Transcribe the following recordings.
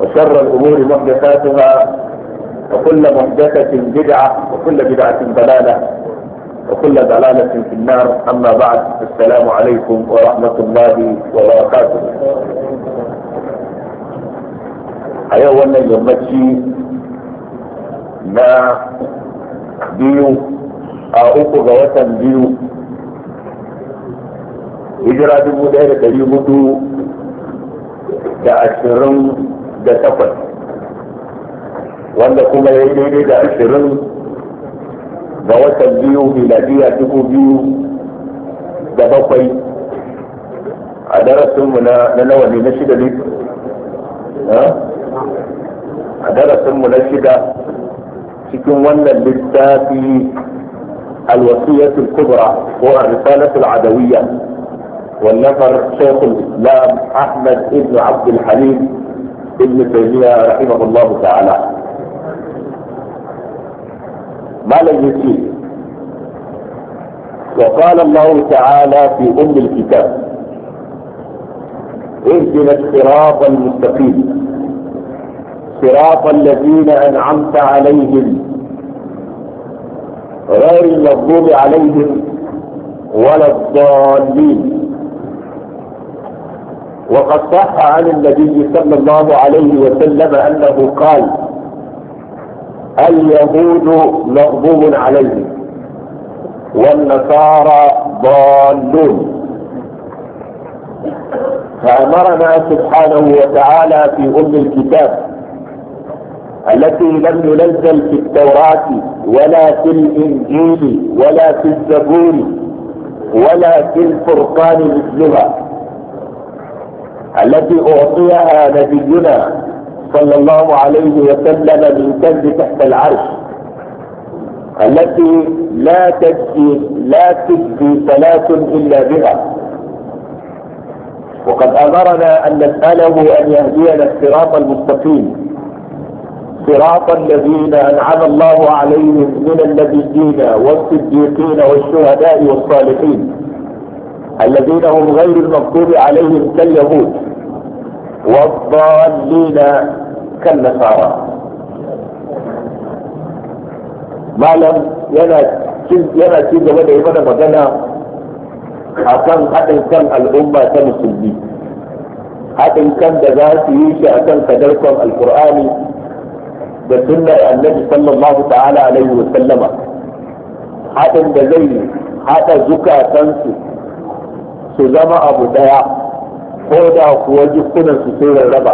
وشر الأمور محدثاتها وكل محدثة بدعة وكل بدعة ضلالة وكل ضلالة في النار أما بعد السلام عليكم ورحمة الله وبركاته أيوة أن يمشي ما biyu a uku ga watan biyu hijira dubu da ashirin da takwas wanda kuma ya daidai da ashirin ga watan biyu miladiya dubu biyu da bakwai a darasinmu na nawa na shida ne a darasinmu na shida cikin wannan littafi الوصية الكبرى هو الرسالة العدوية والنفر شيخ الإسلام أحمد ابن عبد الحليم ابن تيمية رحمه الله تعالى ما لم يجيب وقال الله تعالى في أم الكتاب اهدنا الصراط المستقيم صراط الذين أنعمت عليهم غير المغضوب عليهم ولا الضالين وقد صح عن النبي صلى الله عليه وسلم أنه قال اليهود مغضوب عليهم والنصارى ضالون فأمرنا سبحانه وتعالى في أم الكتاب التي لم ينزل في التوراة ولا في الإنجيل ولا في الزبور ولا في الفرقان مثلها التي أعطيها نبينا صلى الله عليه وسلم من كنز تحت العرش التي لا تجزي لا تجزي صلاة إلا بها وقد أمرنا أن نسأله أن يهدينا الصراط المستقيم صراط الذين أنعم الله عليهم من النبيين والصديقين والشهداء والصالحين الذين هم غير المغضوب عليهم كاليهود والضالين كالنصارى malam yana ci gaba da yi mana magana a kan haɗin kan al'umma ta musulmi haɗin kan da za su yi shi a kan sadarkon alkur'ani da sunnar annabi sallallahu ta'ala alaihi wa sallama haɗin da zai haɗa zukatansu su zama abu daya ko da kuwa jikunan su sun rarraba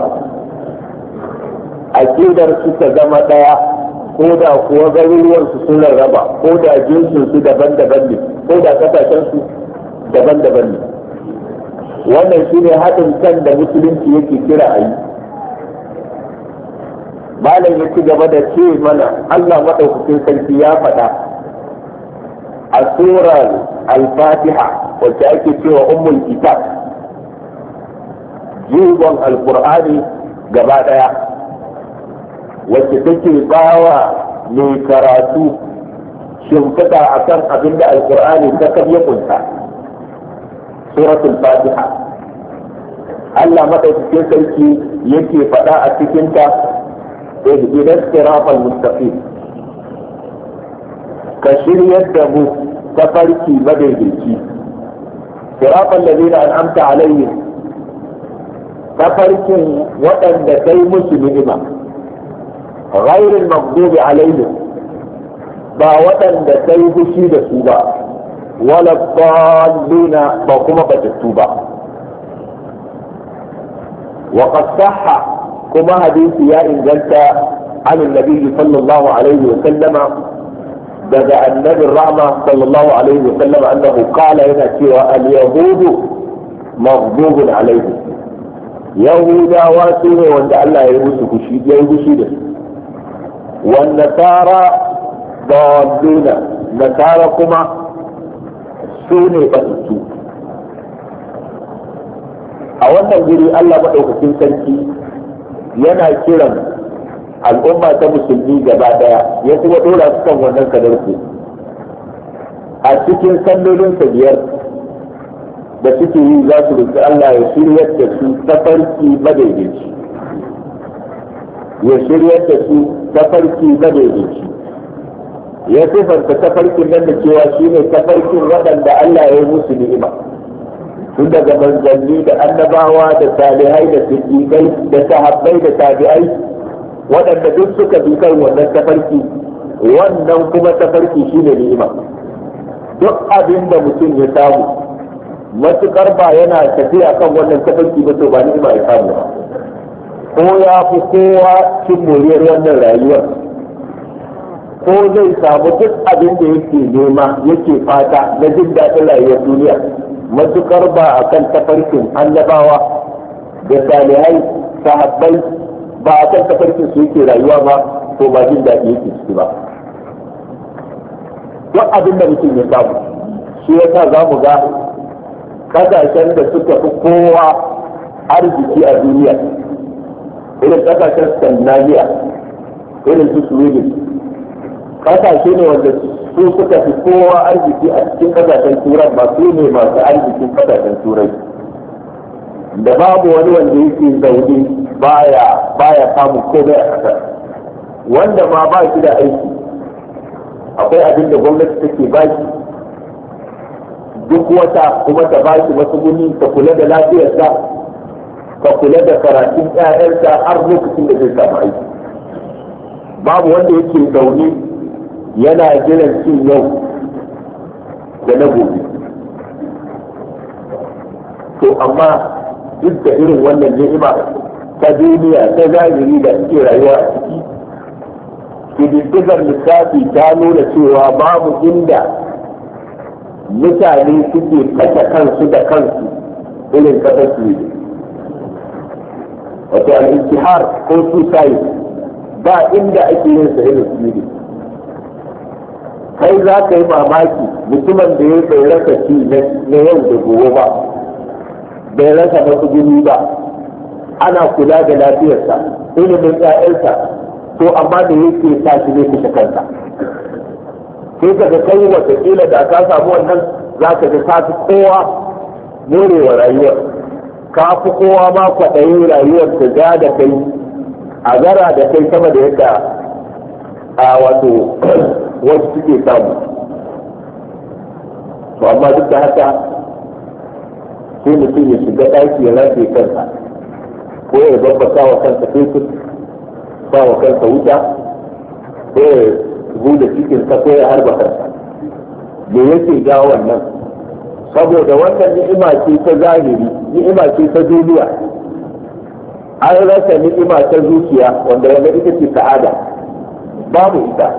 aqidar su ta zama daya ko da kuwa garuruwan su sun rarraba ko da jinsin su daban-daban ne ko da kasashen su daban-daban ne wannan shine haɗin kan da musulunci yake kira a yi malam ya ci gaba da ce mana Allah maɗaukakin sarki ya faɗa a surar al-fatiha wacce ake cewa ummul kitab jigon al gaba daya wacce take bawa mai karatu shimfiɗa a kan abin da alƙur'ani ta kan ya kunta suratul fatiha Allah maɗaukakin sarki yake faɗa a cikinta ihdinas siratal mustaqim ka shiryar da mu ta farki madaidaici sirafan lalina an'amta alaihim ta farkin waɗanda kai musu ni'ima ghairin maghdubi alaihim ba waɗanda kai fushi da su ba wala dallina ba kuma batattu ba وقد صح كما حديث يا إن جلت عن النبي صلى الله عليه وسلم daga annabin rahma sallallahu alaihi wa sallam annahu qala yana cewa al yahudu maghdubun alaihi yahudawa su ne wanda Allah ya yi musu fushi ya yi fushi da su wan nasara dalluna nasara kuma su ne batattu a wannan guri Allah madaukakin sarki yana kiran al'umma ta musulmi gaba daya ya kuma dora su kan wannan ku a cikin sallolin sa biyar da suke yi za su rufe Allah ya shiryar da su farki madaidaici ya shiryar da su farki madaidaici ya ta farkin nan da cewa shi ne ta tafarkin waɗanda Allah ya yi musu ni'ima tun daga manzanni da annabawa da salihai da siddiqai da sahabbai da tabi'ai waɗanda duk suka bi kan wannan tafarki wannan kuma tafarki shi ne ni'ima duk abin da mutum ya samu matukar ba yana tafiya kan wannan tafarki ba to ba ni'ima ya samu ko ya fi kowa cin moriyar wannan rayuwar ko zai samu duk abin da yake nema yake fata na jin daɗin rayuwar duniya matukar ba akan tafarkin annabawa da salihai sahabbai ba a kan kafarkin su yake rayuwa ba ko ba jin daɗi yake ciki ba duk abin da mutum ya samu shi ya sa za mu ga ƙasashen da suka fi kowa arziki a duniya irin ƙasashen scandinavia irin su sweden ƙasashe ne wanda su suka fi kowa arziki a cikin ƙasashen turai masu ne masu arzikin ƙasashen turai da babu wani wanda yake zaune baya baya samun komai a ƙasar wanda ma ba shi da aiki akwai abin da gwamnati take ba shi duk wata kuma ta ba shi wasu guni ta kula da lafiyarsa ta kula da karatun 'ya'yansa har lokacin da zai samu aiki babu wanda yake zaune yana jiran cin yau da na gobe to amma duk da irin wannan ni'ima ta duniya ta zahiri da suke rayuwa a ciki kididdigar lissafi ta nuna cewa babu inda mutane suke kashe kansu da kansu irin kasar su wato al-intihar ko suicide ba inda ake yin sa irin su kai za ka yi mamaki mutumin da ya tsaye rasa ci na yau da gobe ba bai rasa matsuguni ba ana kula da lafiyarsa ilimin 'ya'yansa to amma da yake sa shi ne kusa kanta sai ka ga kai watakila da ka samu wannan za ka ga ka fi kowa morewa rayuwar ka fi kowa ma kwaɗayi rayuwar ta ga da kai a gara da kai sama da yadda a wato wasu suke samu to amma duk da haka sai mutum ya shiga ɗaki ya rafe kansa ko ya sa wa kansa fetur sa wa kansa wuta ko ya da cikinsa ko ya harba kansa me yake ga wannan saboda wannan ni'ima ce ta zahiri ni'ima ce ta duniya an rasa ni'ima ta zuciya wanda wanda ita ce sa'ada babu ita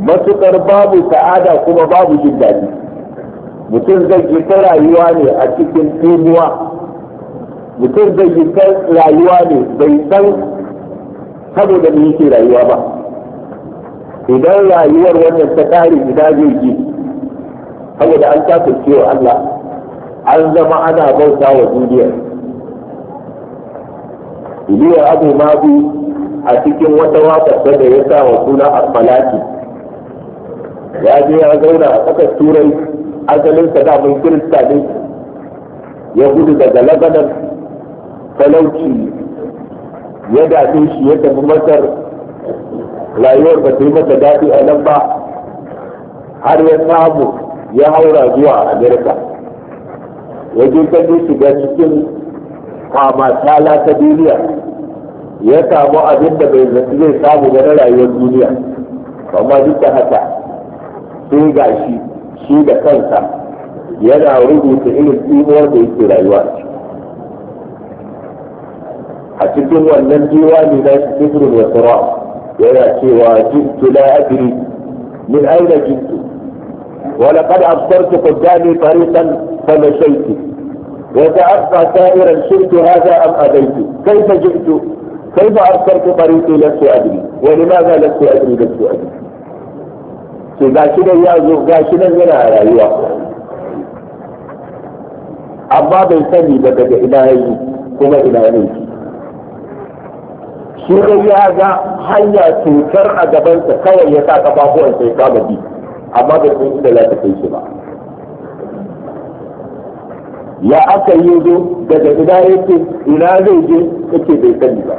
matukar babu sa'ada kuma babu jin daɗi mutum zai yi ta rayuwa ne a cikin tsohuwa mutum zai yi ta rayuwa ne bai san saboda mu yake rayuwa ba idan rayuwar wannan ta kare gida zai yi saboda an tafi wa Allah an zama ana bauta wa duniya iliya abu mazu a cikin wata wata da ya sa wa suna falaki. ya je ya zauna a tsakar turai asalin sa da mun kirista ne ya gudu daga labanan falauci. ya dace shi ya tafi masar rayuwar ba ta yi masa daɗi a nan ba har ya samu ya haura zuwa amerika ya je ta shiga cikin kama tala ta duniya ya samu abin da bai zai samu ga na rayuwar duniya amma duk da haka sai ga shi shi da kansa yana rubuta irin tsimuwar da yake rayuwa a cikin wannan jiwa ne na shi kifrin wa sara yana cewa jinsu na adiri min aina jinsu wani kada sama shaiki jibtu ولقد أبصرت قدامي طريقا فمشيت وتأبقى سائرا شئت هذا أم أبيت كيف جئت كيف أبصرت adiri wani ma za لست adiri لست adiri to ga shi nan ya zo ga shi nan yana rayuwa amma bai sani ba daga ina yayi kuma ina ne shi dai ya ga hanya cutar a gabansa kawai ya sa kafafuwan sai kama bi amma bai san inda za ta kai shi ba ya aka yi zo daga ina yake ina zai je yake bai sani ba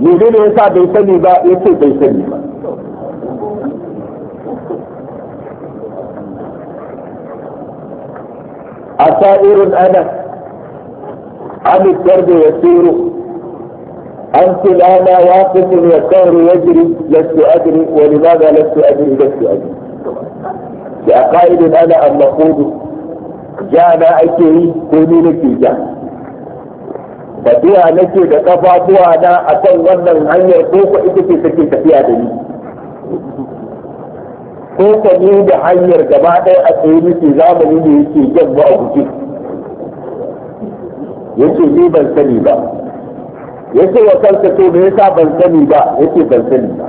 ne ne ya sa bai sani ba yake bai sani ba أسائر أنا عن الدرب يسير أنت الآن واقف والدهر يجري لست أدري ولماذا لست أدري لست أدري لأقائد أنا أم مقود جانا أكيه كوني لكي جانا tafiya nake da kafafuwa na akan wannan hanyar ko ita ce take tafiya ko ka ne da hanyar gaba ɗaya a tsaye muke zamani da yake jan ba a guje yake ni ban sani ba yake wa kanka to me yasa ban sani ba yake ban sani ba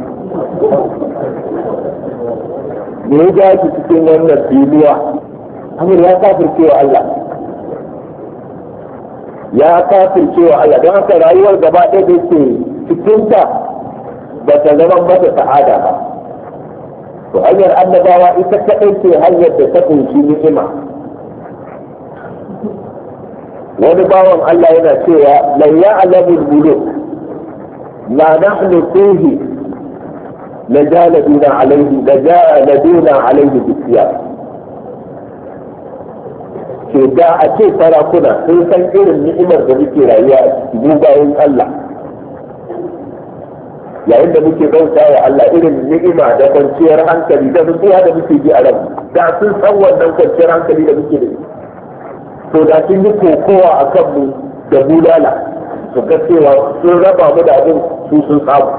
me ya ja ki cikin wannan filuwa? amur ya kafir cewa Allah ya kafir cewa Allah don haka rayuwar gaba ɗaya da ke cikinta ba ta zama masa sa'ada ba to hanyar annabawa ita kaɗai ce hanyar da ta ƙunshi ni'ima wani bawan Allah yana cewa lan ya'lamu al-muluk la nahnu fihi la jaladuna alayhi la jaladuna alayhi bisiyar ke da a ce sarakuna sun san irin ni'imar da muke rayuwa mu bayan Allah yayin da muke bauta wa Allah irin ni'ima da kwanciyar hankali da nutsuwa da muke ji a ran da sun san wannan kwanciyar hankali da muke da shi to da sun yi kokowa a kan mu da bulala su ga cewa sun raba mu da abin su sun samu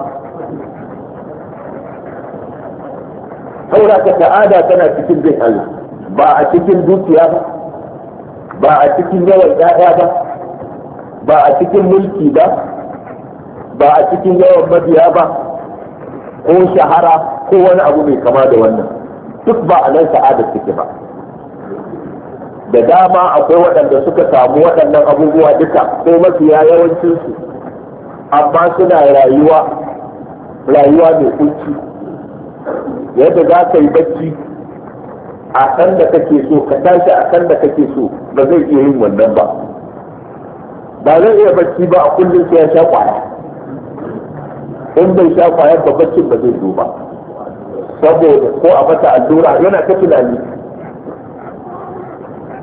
saboda ka ta'ada tana cikin bin Allah ba a cikin dukiya ba ba a cikin yawan 'ya'ya ba ba a cikin mulki ba ba a cikin yawan mabiya ba ko shahara ko wani abu mai kama da wannan duk ba a nan sa'adar suke ba da dama akwai waɗanda suka samu waɗannan abubuwa duka ko mafiya yawancinsu amma suna rayuwa rayuwa mai kunci yadda za ka yi bacci a kan da kake so ka tashi a kan da kake so ba zai iya yin wannan ba ba zai iya bacci ba a kullum sai ya sha kwaya in bai sha kwayar babban cin ba zai zo ba saboda ko a mata allura yana ta tunani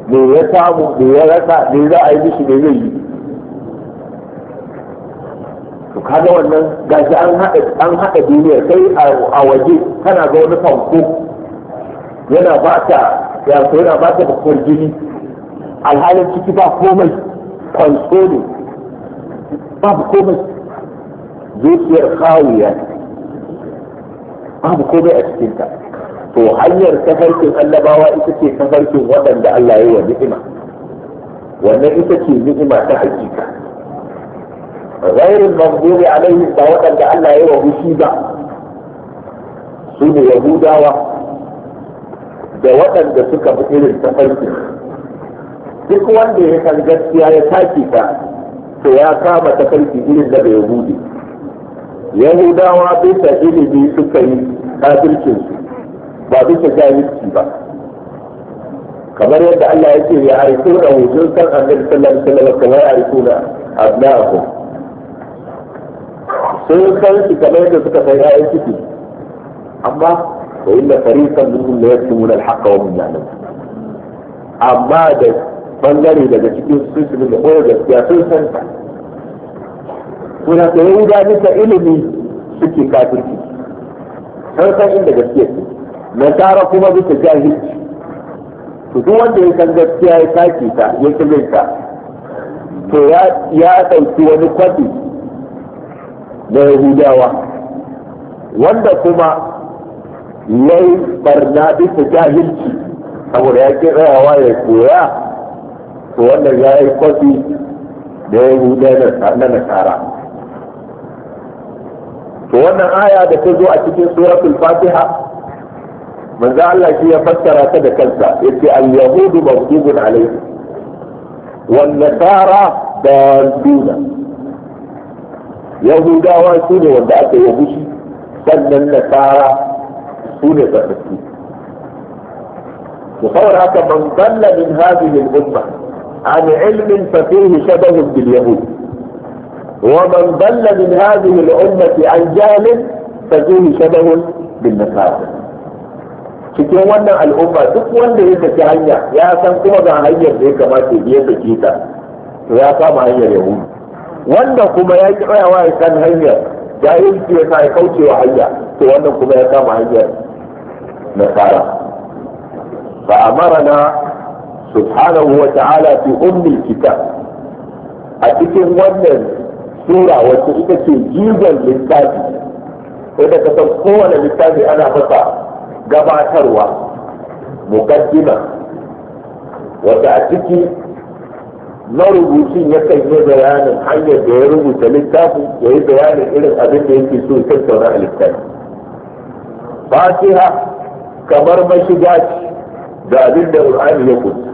me ya samu me ya rasa me za a yi mishi me zai yi to kaga wannan gashi an haɗa an haɗa duniya sai a waje kana ga wani fanko yana ba ta ya yana ba ta bakwar jini alhalin ciki ba komai kwanso ne babu komai zuciyar kawuya babu komai a cikinta to hanyar tafarkin annabawa ita ce tafarkin waɗanda Allah ya yi wa ni'ima wannan ita ce ni'ima ta hakika ghairin maghdubi alaihim ba waɗanda Allah ya yi wa mushi ba su ne yahudawa da waɗanda suka fi irin tafarkin duk wanda ya san gaskiya ya take ta to ya kama tafarki irin da bai yahudi yahudawa bisa ilimi suka yi kafircinsu ba bisa jahilci ba kamar yadda Allah ya ce ya aiko da hujjun san annabi sallallahu alaihi wasallam kamar ya haifu da abna'ahu sun san shi kamar yadda suka san ya'yan ki amma wa inna fariqan minhum la yaktumuna al-haqqa wa hum ya'lamun amma da bangare daga cikin su su ne da koyar gaskiya sun san ta suna da yahuda bisa ilimi suke kafirci sun san inda gaskiya ce nasara kuma bisa jahilci to duk wanda ya san gaskiya ya sake ta ya kiminta to ya ɗauki wani kwafi na yahudawa wanda kuma ya yi barna bisa jahilci saboda ya tsayawa ya koya to wannan ya yi kwafi da yahudawa na nasara to wannan aya da ta zo a cikin suratul fatiha manzo Allah shi ya fassara ta da kansa yace al-yahudu maghdubun alayhi wan nasara dalduna yahudawa su ne wanda aka yi bushi sannan nasara su ne tsarki to saboda haka man dalla min hadhihi al-umma an ilmin fa fihi shabahun bil yahudi ومن ضل من هذه الأمة عن جهل ففيه شبه بالنصارى cikin wannan al'umma duk wanda ya saki hanya ya san kuma ga hanyar da ya kamata ya saki ta to ya kama hanyar yahudu wanda kuma ya ki tsayawa ya san hanyar jahilci ya sa ya kaucewa hanya to wannan kuma ya kama hanyar nasara fa amarana subhanahu wa ta'ala fi ummil kitab a cikin wannan sura wacce ita ce jizon littafi wadda ka san kowane littafi ana masa gabatarwa mukaddima wadda a ciki na rubutun ya kan yi bayanin hanyar da ya rubuta littafi ya yi bayanin irin abin da yake so tattauna a littafi fatiha kamar mashiga ce da abin da ya kunsa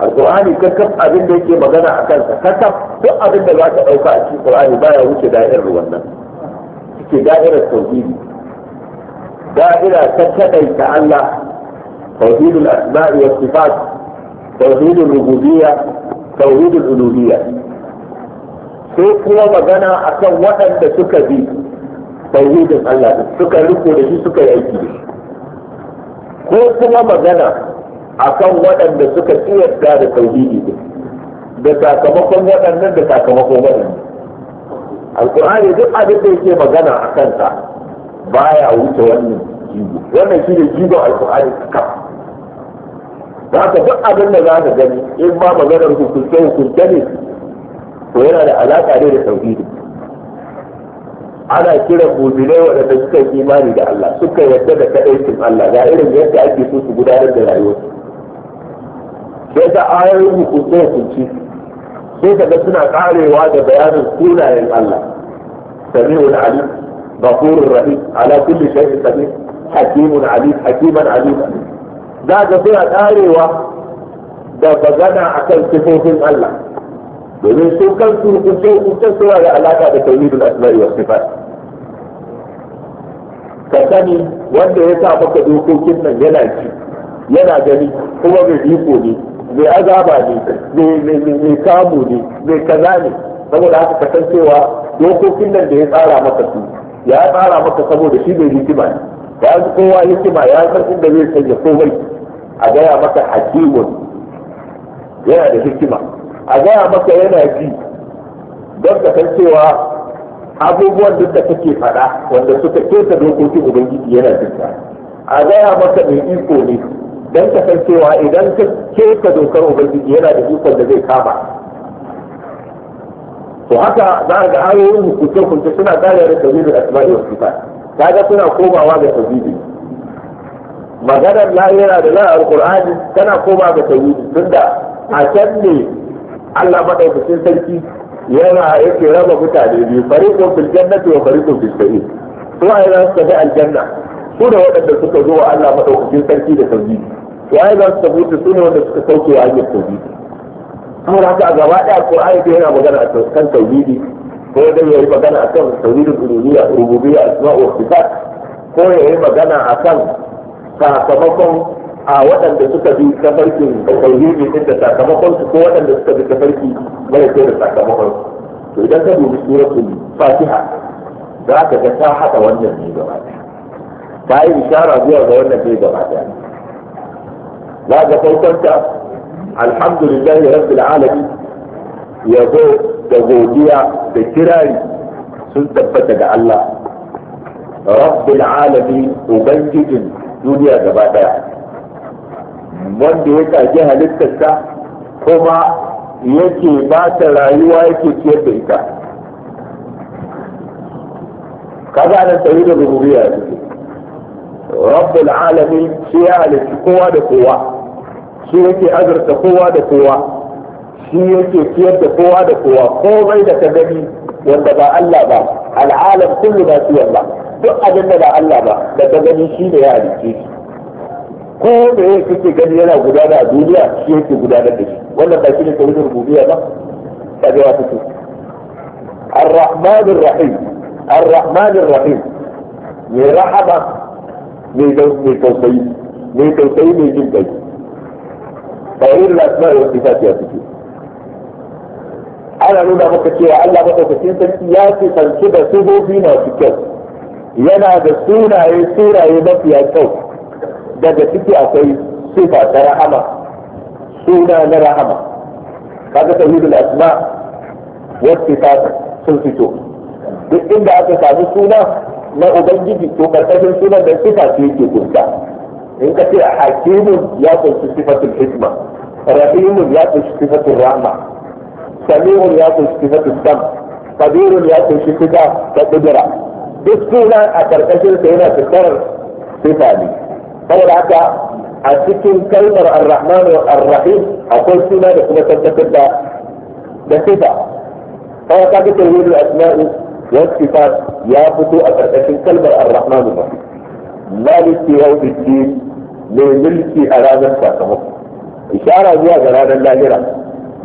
alqur'ani kakaf abin da yake magana a kansa kakaf duk abin da za ka ɗauka a cikin qur'ani baya wuce da'irar wannan cikin da'irar tauhidi da'ira ta ta Allah tauhidul asma'i wa sifat tauhidul rububiyya tauhidul uluhiyya sai kuma magana akan waɗanda suka bi tauhidin Allah suka riko da shi suka yi aiki da shi ko kuma magana akan waɗanda suka tsiyarta da tauhidi din da sakamakon waɗannan da sakamakon waɗannan alkur'ani duk abin da yake magana a kansa baya wuce wannan jigo wannan shi ne jigon alkur'ani kaf Ba ka duk abin da za ka gani in ma maganar hukunce hukunce ne to yana da alaƙa ne da tauhidi ana kiran mu'minai waɗanda suka yi imani da Allah suka yarda da kaɗaicin Allah ga irin yadda ake so su gudanar da rayuwarsu da yadda ayoyin hukunce hukunci sai ka ga suna karewa da bayanin sunayen Allah sami'ul alim ghafurur rahim ala kulli shay'in qadir hakimun alim hakiman alim za ga suna karewa da bagana akan sifofin Allah domin su kansu hukunce hukunce suna da alaka da tauhidul asma'i was sifat ka sani wanda ya sa maka dokokin nan yana ci yana gani kuma mai riko ne mai azaba ne mai kamu ne mai kaza ne saboda haka cewa dokokin nan da ya tsara maka su ya tsara maka saboda shi mai hikima ne ya an kowa hikima ya san inda zai sanya komai a gaya maka hakimun yana da hikima a gaya maka yana ji don ka san cewa abubuwan duk da kake faɗa wanda suka keta dokokin ubangiji yana jinka a gaya maka mai iko ne dan ka san cewa idan ka ka dokar ubangiji yana da ikon da zai kama to haka za ga ayoyin hukunce hukunce suna kare da tauhidul asma'i wa sifat kaga suna komawa ga tauhidi maganar la yana da la Kur'ani, tana koma ga tun tunda a can ne Allah madaukakin sarki yana yake raba mutane biyu fariqun fil jannati wa fariqun fis sa'ir to ai za ka ga aljanna ko da waɗanda suka zo wa Allah maɗaukakin sarki da tauhidi to ai za su tabbata su ne wanda suka sauke wa hanyar tauhidi saboda haka a gaba ɗaya Qur'ani da yana magana a kan tauhidi ko da ya yi magana a kan tauhidul uluhiyya rububiyya asma'u wa sifat ko ya yi magana a kan sakamakon a waɗanda suka bi tafarkin tauhidi din da sakamakon su ko waɗanda suka bi tafarki mara kyau da sakamakon to idan ka dubi suratul fatiha za ka ga ta haɗa wannan ne gaba ɗaya ta yi bishara zuwa ga wannan zai gaba daya za ga sautanta alhamdulillah rabbil alamin yabo da godiya da kirari sun tabbata ga Allah rabbil alamin ubangijin duniya gaba daya wanda ya kaji halittarsa kuma yake ba ta rayuwa yake ciyar da ita kaga nan tsayi da rububiyya yake رب العالمين سيالي كوا دا كوا سيالي أجر تقوى دا كوا سيالي سيالي كوا دا كوا كوا غير تدني الله با العالم كله ما سوى الله دقا جنة با الله با دا تدني شين يا عليكي كوا بي كتي قدي يلا دوليا سيالي قدادة دي ولا باكيني كوين ربوبية با فجوا الرحمن الرحيم الرحمن الرحيم يرحمه mai tausayi mai tausayi mai jin kai ba irin asma'i wasu fatiya suke ana nuna maka cewa Allah madaukakin sarki ya ce fanci da sufofi masu kyau yana da sunaye sunaye mafiya kyau daga ciki akwai sifa ta rahama suna na rahama kaga tauhidul asma wasu fata sun fito duk inda aka samu suna na ubangiji to karkashin sunan da suka ce yake kunta in ka ce hakimun ya kunshi sifatul hikma rahimun ya kunshi sifatul rahma sami'un ya kunshi sifatul sam kabirun ya kunshi sifa da kudura duk suna a karkashin sa yana fitar sifa ne saboda haka a cikin kalmar ar-rahman ar-rahim akwai suna da kuma tabbatar da da sifa kawai ka ga tawhidul asma'i والصفات يابتو أكرتشن كلمة الرحمن الرحيم مالك يوم الدين لملك ملكي أرانا ساكمك إشارة زوا غرانا لاهرة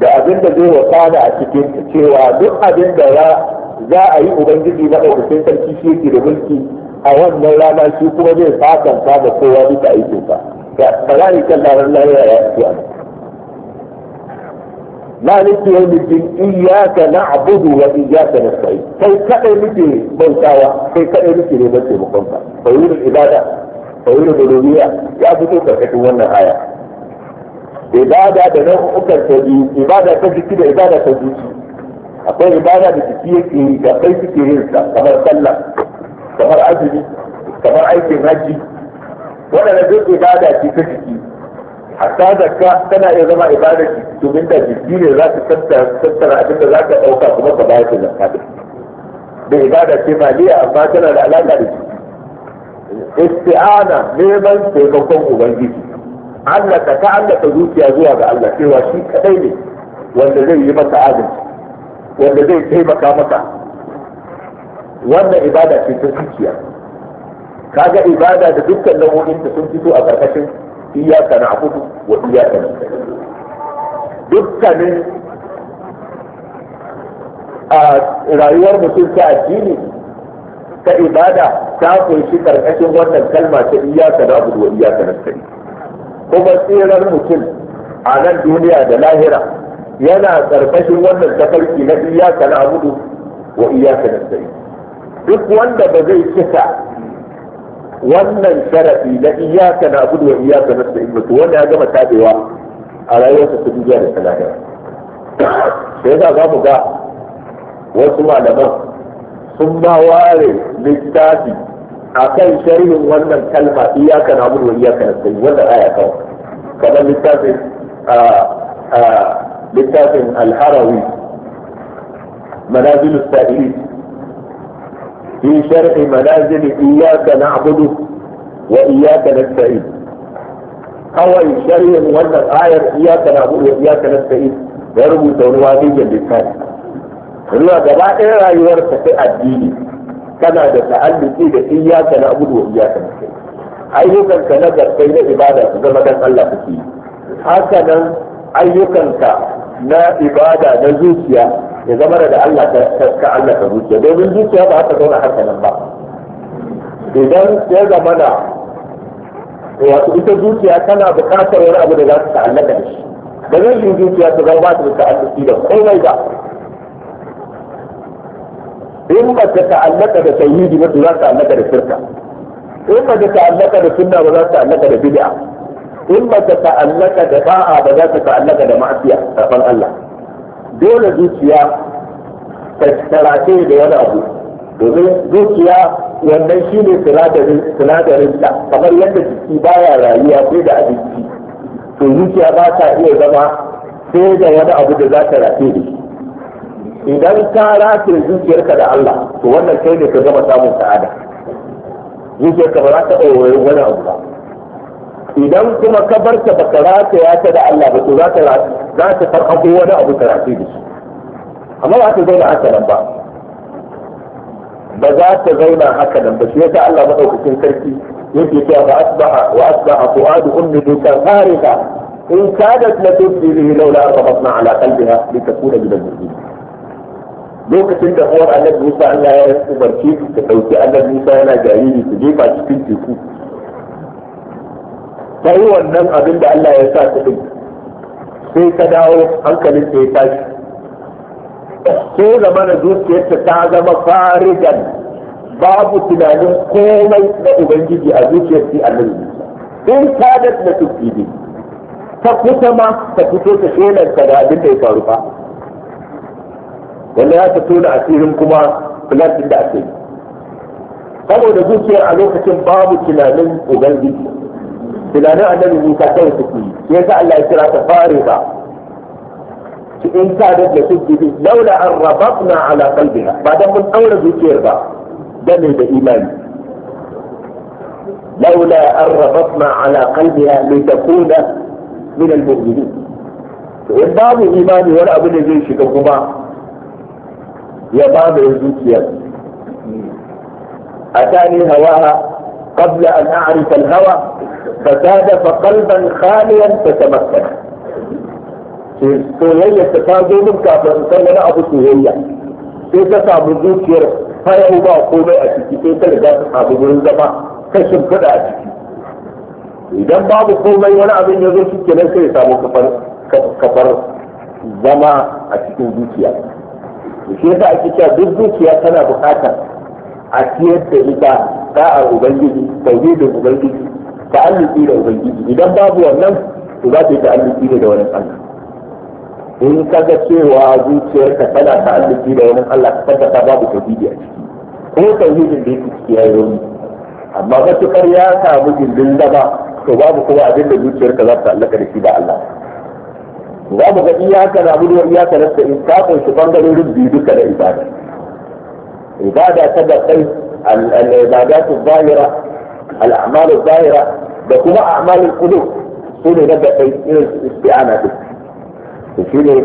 da abin da zai wakana a cikin cewa duk abin da za a yi ubangiji na ɗaukacin sarki shi yake da mulki a wannan rana shi kuma zai fatan sakanta da kowa duka aikinsa ga tsarari kan ranar lahira ya fito a nan مالك يوم الدين إياك نعبد وإياك نستعين كي كأمتي بوتاوة كي كأمتي لبنتي مقنطة فيقول العبادة فيقول الألوهية يا بطوكة كتوانا آية ibada da nau'ukan ta biyu ibada ta jiki da ibada ta zuci akwai ibada da jiki yake yi da kamar sallah kamar azumi kamar aikin haji waɗanda duk ibada ce ta jiki hatta zakka tana iya zama ibada ce domin da jiki ne za ka tattara abin da za ka ɗauka kuma ka bayar da zakka da da ibada ce maliya amma tana da alaƙa da jiki isti'ana neman taimakon ubangiji Allah ka ta Allah ka zuciya zuwa ga Allah cewa shi kadai ne wanda zai yi maka adalci wanda zai taimaka maka wannan ibada ce ta zuciya kaga ibada da dukkan nau'o'in sun fito a ƙarƙashin iyaka na abudu wa iyaka na dukkanin a rayuwar mutum ta addini ta ibada ta kunshi karkashin wannan kalma ta iyaka na abu wa iyaka na sani kuma tsirar mutum a nan duniya da lahira yana karkashin wannan tafarki na iyaka na abu wa iyaka na sani duk wanda ba zai cika wannan sharafi na iyaka na abu wa iyaka na sani mutu wanda ya gama tabewa a rayuwarsa ta duniya da ta lahira sai da za mu ga wasu malaman sun ma ware littafi a kan sharhin wannan kalma iyaka na wa iyaka na sai wannan aya kawai kamar littafin littafin alharawi منازل السائلين في شرح منازل إياك نعبد وإياك نستعين kawai shari'in wannan ayar iyaka na buɗe iyaka na sa'i ya rubuta wani wani da littafi ruwa gaba ɗaya ta sai addini kana da ta'alluki da iyaka na abudu wa iyaka na sa'i ayyukanka na gaskai na ibada su zama dan Allah kake yi haka nan ayyukanka na ibada na zuciya ya zama da Allah ka Allah ka zuciya domin zuciya ba haka zauna haka nan ba idan ya zama na wato ita zuciya tana buƙatar wani abu da za su ta'allaka da shi ba zai yi zuciya su zama ba su da ta'allaki da komai ba in ba ta ta'allaka da tauhidi ba za su ta'allaka da shirka in ba ta ta'allaka da sunna ba za su ta'allaka da bid'a in ba ta ta'allaka da ba'a ba za ta ta'allaka da ma'asiya kafan Allah dole zuciya ta tarace da wani abu domin zuciya wannan shi ne da kamar yadda jiki baya rayuwa sai da abinci to zuciya ba ta iya zama sai da wani abu da za ta rafe da shi idan ka rafe zuciyarka da Allah to wannan kai ne ka gama samun sa'ada zuciyarka ba za ta ɗaure wani abu ba idan kuma ka bar ta baka rafe ya ta da Allah ba to za ta farfako wani abu ta rafe da shi amma ba ta zauna haka nan ba ba za ta zauna haka nan ba shi yasa Allah madaukakin sarki yake cewa ba asbaha wa asbaha fuadu ummi dukan harika in kadat la tusbihi laula rabatna ala qalbiha litakuna min al-mu'minin lokacin da uwar annabi Musa Allah ya umarci ta dauki annabi Musa yana jariri su jefa cikin teku sai wannan abin da Allah ya sa ta din sai ta dawo hankalin ta ya tashi sai zama da zuciyarta ta zama farigan babu tunanin komai na ubangiji a zuciyar shi annabi in da ta tufidi ta kusa ma ta fito ta ta da abin da ya faru ba. wanda ya ta tona asirin kuma filantin da ake saboda zuciyar a lokacin babu tunanin ubangiji tunanin annabi musa kawai suke yi sai yasa Allah ya kira ta ba إن كانت لتبدي لولا أن ربطنا على قلبها بعد أن أولى أول ذكر بقى دم بإيمان لولا أن ربطنا على قلبها لتكون من المؤمنين in babu imani wani abu ne zai shiga kuma ya ba أتاني هواها قبل أن أعرف الهوى فزاد فقلبا خاليا فتمكن soyayya ta ta zo min kafin san wani abu soyayya sai ta samu zuciyar farau ba komai a ciki sai ta riga ta samu wurin zama kashin shimfiɗa a ciki idan babu komai wani abin ya zo shi nan, sai ya samu kafar kafar zama a cikin zuciya shi yasa ake cewa duk zuciya tana buƙatar a ciyar da ita da'ar ubangiji da ubangiji ta'alluki da ubangiji idan babu wannan to za ta yi ta'alluki ne da wani Allah in ka ga cewa zuciyarka tana ta'alluki da wani Allah ka tabbata babu tauhidi a ciki ko tauhidin da yake ciki ya yi amma matukar ya samu gindin zama to babu kuma abin da zuciyarka za ta allaka da shi ba Allah za mu ga iyaka na budu wa iyaka na in ka kunshi bangarorin biyu duka da ibada ibada ta da kai al-ibadatu zahira al-a'malu zahira da kuma a'malul qulub sune na da kai irin isti'ana duk to shi ne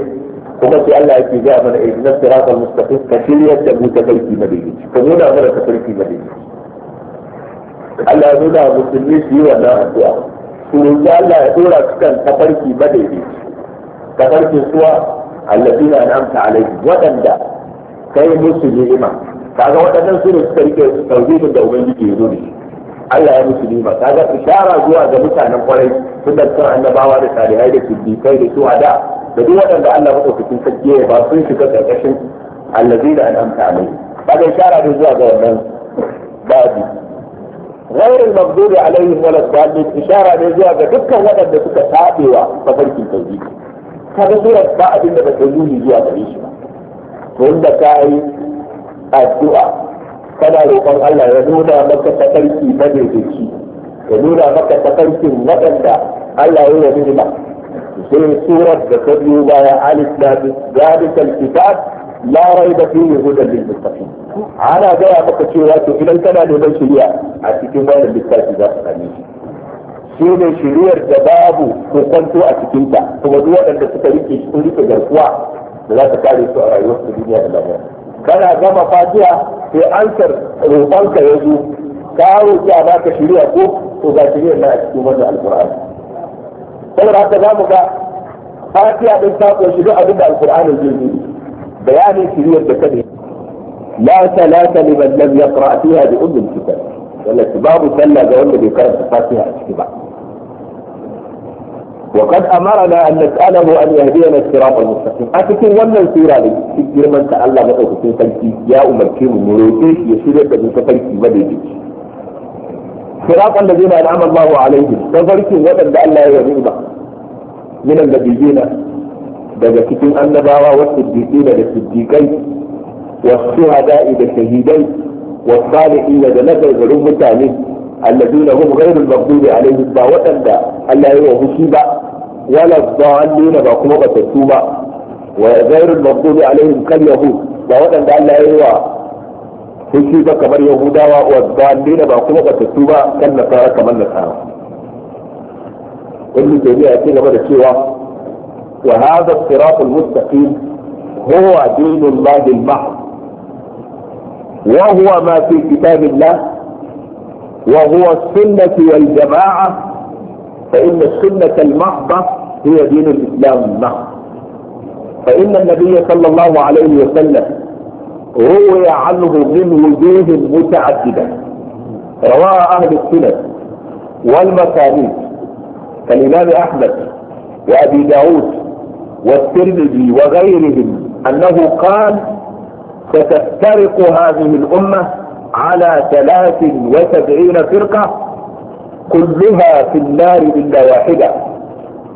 kuma sai Allah yake ga mana eh na siratal mustaqim ka shiryar da mu tafarki madaidaici ka nuna mana tafarki madaidaici Allah ya nuna musulmi su yi wannan addu'a su roƙi Allah ya dora su kan tafarki madaidaici tafarkin suwa allazina an'amta alaihim waɗanda kai musu ni'ima kaga waɗannan su ne suka rike tauhidin da ubangiji ya zo da shi Allah ya musu nima kaga ishara zuwa ga mutanen kwarai sun da annabawa da salihai da siddiqai da shuhada da duk waɗanda Allah maɗaukakin sarki ya ba sun shiga ƙarƙashin allazi da an'amta alaihi bada shara ne zuwa ga wannan babu غير المغضوب عليهم ولا الضالين إشارة لزيادة دكا ولا دكا تابعة فبرك التوحيد كذا سورة بعد إن بتدوني هي مريشة كل دكاي الدعاء كما يقول الله ينونا مكة تتركي بدر بشي ينونا مكة تتركي مدى الله ينونا مدى sai surar da ta biyo baya alif labis zalikal kitab la raiba fihi hudan lil muttaqin ana gaya baka cewa to idan kana neman shiriya a cikin wannan littafi za ka same shi shi ne shiriyar da babu ko kwanto a cikinta kuma duk waɗanda suka rike sun rike garkuwa da za ta kare su a rayuwar duniya da lafiya kana gama fatiha sai ansar roƙonka ya zo ka roƙi a baka shiriya ko ko ga shiriyar na a cikin wannan alƙur'ani saboda haka za mu ga fatiha din ta kunshi duk abin da alqur'ani ke yi bayanin shiriyar da kade la salata liman lam yaqra fiha bi ummil kitab wallahi babu sallah ga wanda bai karanta fatiha a ciki ba وقد أمرنا أن نسأله أن يهدينا الصراط المستقيم أتكون ولا السيرة لك كثير من تألم أو كثير يا أمر كيم نروتي يشير بك تفلكي بديتك صراط الذين أنعم الله عليهم تفركوا وأن الله يرضى من النبيين daga cikin annabawa wa siddiqina da siddiqai wa shuhada'i da shahidai wa salihina da nagargarun mutane alladina hum ghayrul maghdubi alaihim ba waɗanda Allah ya yi hushi ba wala dhalina ba kuma batattu ba wa ghayrul maghdubi alaihim kal yahud ba waɗanda Allah ya yi wa kun shi ba kamar yahudawa wa dalila ba kuma batattu ba kan nasara kamar nasara ibn ke ya ce gaba da cewa wa hada as-sirat mustaqim huwa din Allah al-mahd wa huwa ma fi kitabillah wa huwa as-sunnah fa inna sunnata السنة المحضة هي دين الإسلام المحض فإن النبي صلى الله عليه وسلم روي عنه من وجوه متعددة رواه أهل السنن والمسانيد كالإمام أحمد وأبي داود والترمذي وغيرهم أنه قال ستفترق هذه الأمة على ثلاث وسبعين فرقة كلها في النار إلا واحدة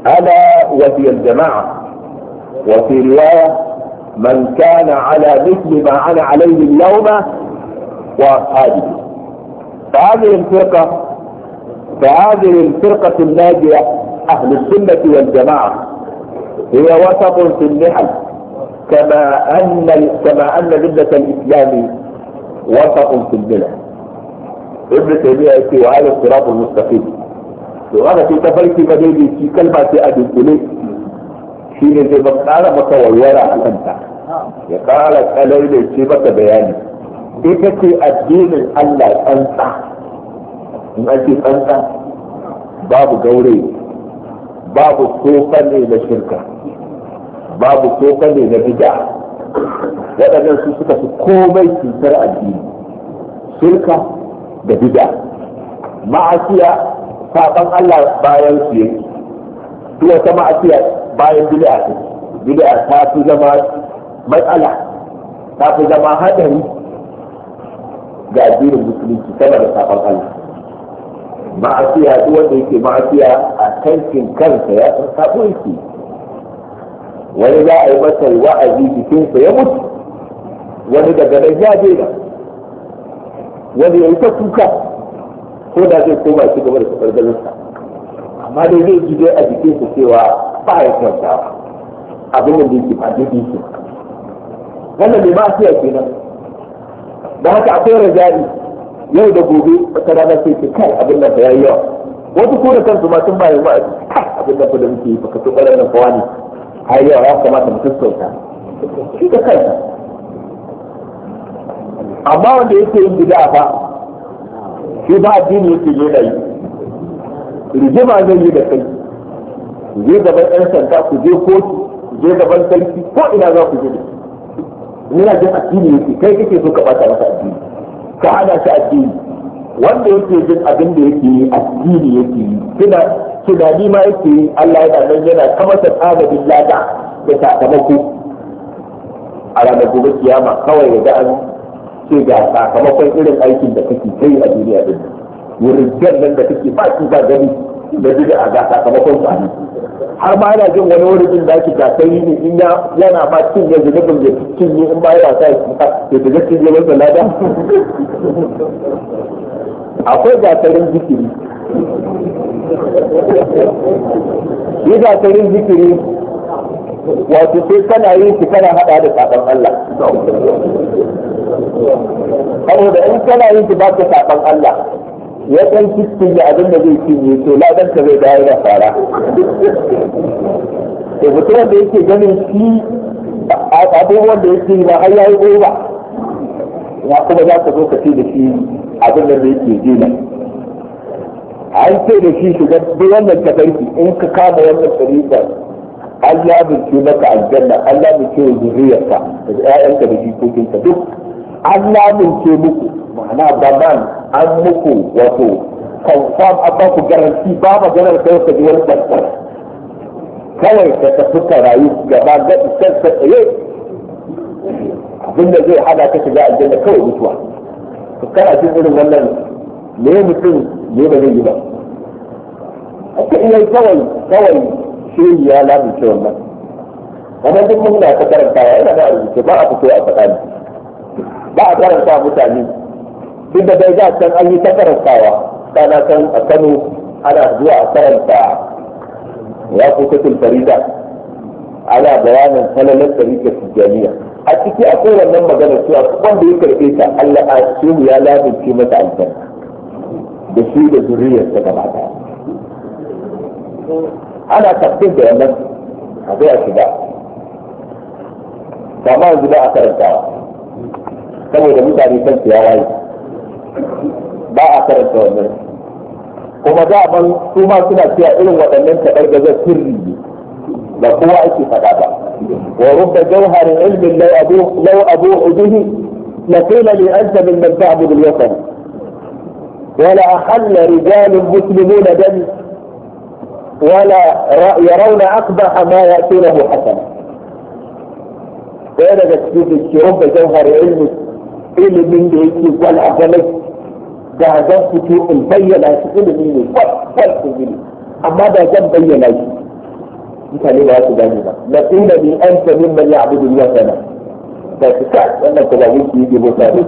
ألا وهي الجماعة وفي رواية من كان على مثل ما أنا عليه اليوم واصحابه فهذه الفرقة فهذه الفرقة الناجية أهل السنة والجماعة هي وسط في النحل كما أن كما أن ملة الإسلام وسط في الملل ابن تيمية يأتي وهذا الصراط المستقيم وانا في تفريق مدينة في كلمة أبي الدليل في ne zai ba kara انت ya kara da ce maka bayani ita ce addinin Allah tsantsa in an ce tsantsa babu gaure babu tsofane na shirka babu tsofane na bid'a waɗannan su suka fi komai cutar addini shirka da bid'a ma'asiya saban Allah bayan su yake duk wata ma'asiya bayan bid'a bid'a ta fi zama matsala ta fi zama haɗari ga addinin musulunci sama da safan Allah ma'asiya duk wanda yake ma'asiya a kankin kansa ya san sabo yake wani za a yi masa wa'azi jikinsa ya mutu wani daga nan ya daina wani ya yi ta kuka ko da zai koma shi gaba da tafargalinsa amma dai zai ji dai a jikinsa cewa ba ya kyauta abin da yake ba daidai ke. wannan mai ma'asiya kenan da haka akwai rajai yau da gobe wata rana sai ce kai abin nan fa yayi yawa wasu ko da kansu ma sun ba yawa kai abin nan fa da muke yi fa ka to nan fa wani har yawa ya kamata mu sassauta shi da kansa amma wanda yake yin bid'a fa shi ba addini yake yi da yi rigima zai yi da kai ku je gaban 'yan sanda ku je kotu ku je gaban sarki ko ina za ku je da yana jin addini yake kai kake so ka bata masa addini ka hana shi addini wanda yake jin abin da yake yi addini yake yi kina tunani ma yake yi Allah yana nan yana kamar sa tsagadin lada da sakamako a ranar gobe kiyama kawai ya ga an ce ga sakamakon irin aikin da kake kai a duniya din wurin nan da kake ba shi ba gani da bid'a ga sakamakon sa har ma yana jin wani wurin da ake gasai ne in ya yana ma cin ya nufin da cin ne in ba yana sa ya shiga cin ya masa lada akwai gasarin zikiri yi gasarin zikiri wato sai kana yin shi kana hada da saban Allah saboda in kana yin shi ba ka saban Allah ya ɗan cikin ya abin da zai cinye to ladan ka zai dawo da fara to mutumin da yake ganin shi abubuwan da yake ba har ya yi ba ya kuma za ka zo ka ci da shi abin da zai ke jina an ce da shi shiga duk wannan tafarki in ka kama wannan tarifar Allah bincike maka aljanna Allah bincike zuriyarka da ƴaƴanka da jikokinka duk an lamince muku ma'ana banan an muku wato confirm an ba ku garanti ba ganar kai ka ji wani tsantsan kawai ka tafi ka rayu gaba ga isar ta tsaye abinda zai hada ka shiga aljanna kawai mutuwa to kana jin irin wannan me mutum ne ba zai yi ba aka iya kawai kawai shi ya lamince wannan kamar duk muna ta karantawa yana da rubuce ba a fito a faɗa ba a karanta mutane duk da dai za a san yi ta karantawa kana kan a Kano ana zuwa a karanta ya kuka farida ana bayanin falalar tarika jami'a. a ciki akwai wannan magana cewa wanda ya karɓe ta Allah a shehu ya lalace mata aljanna da shi da zuriyarsa gaba ɗaya ana tafsir da wannan a zai a shiga kama yanzu ba a karantawa saboda mutane kan su ya waye ba a karanta wannan kuma da ban su ma suna cewa irin waɗannan taɓar gazar sirri ne ba kowa ake faɗa ba wa rubba jawharin ilmin lau abu lau abu ubihi la qila li anta min man ta'budu al-wasal ولا أحل رجال مسلمون دم ولا يرون أقبح ما يأتونه حسنا. وأنا بس في رب جوهر علم ilimin da yake gwal a galai da zan fito in bayyana shi ilimi ne kwal ilimi amma da zan bayyana shi mutane ba su gani ba na tsina ne an ta min man ya'budu al sana da su ka wannan ko ba wuce yake bota ne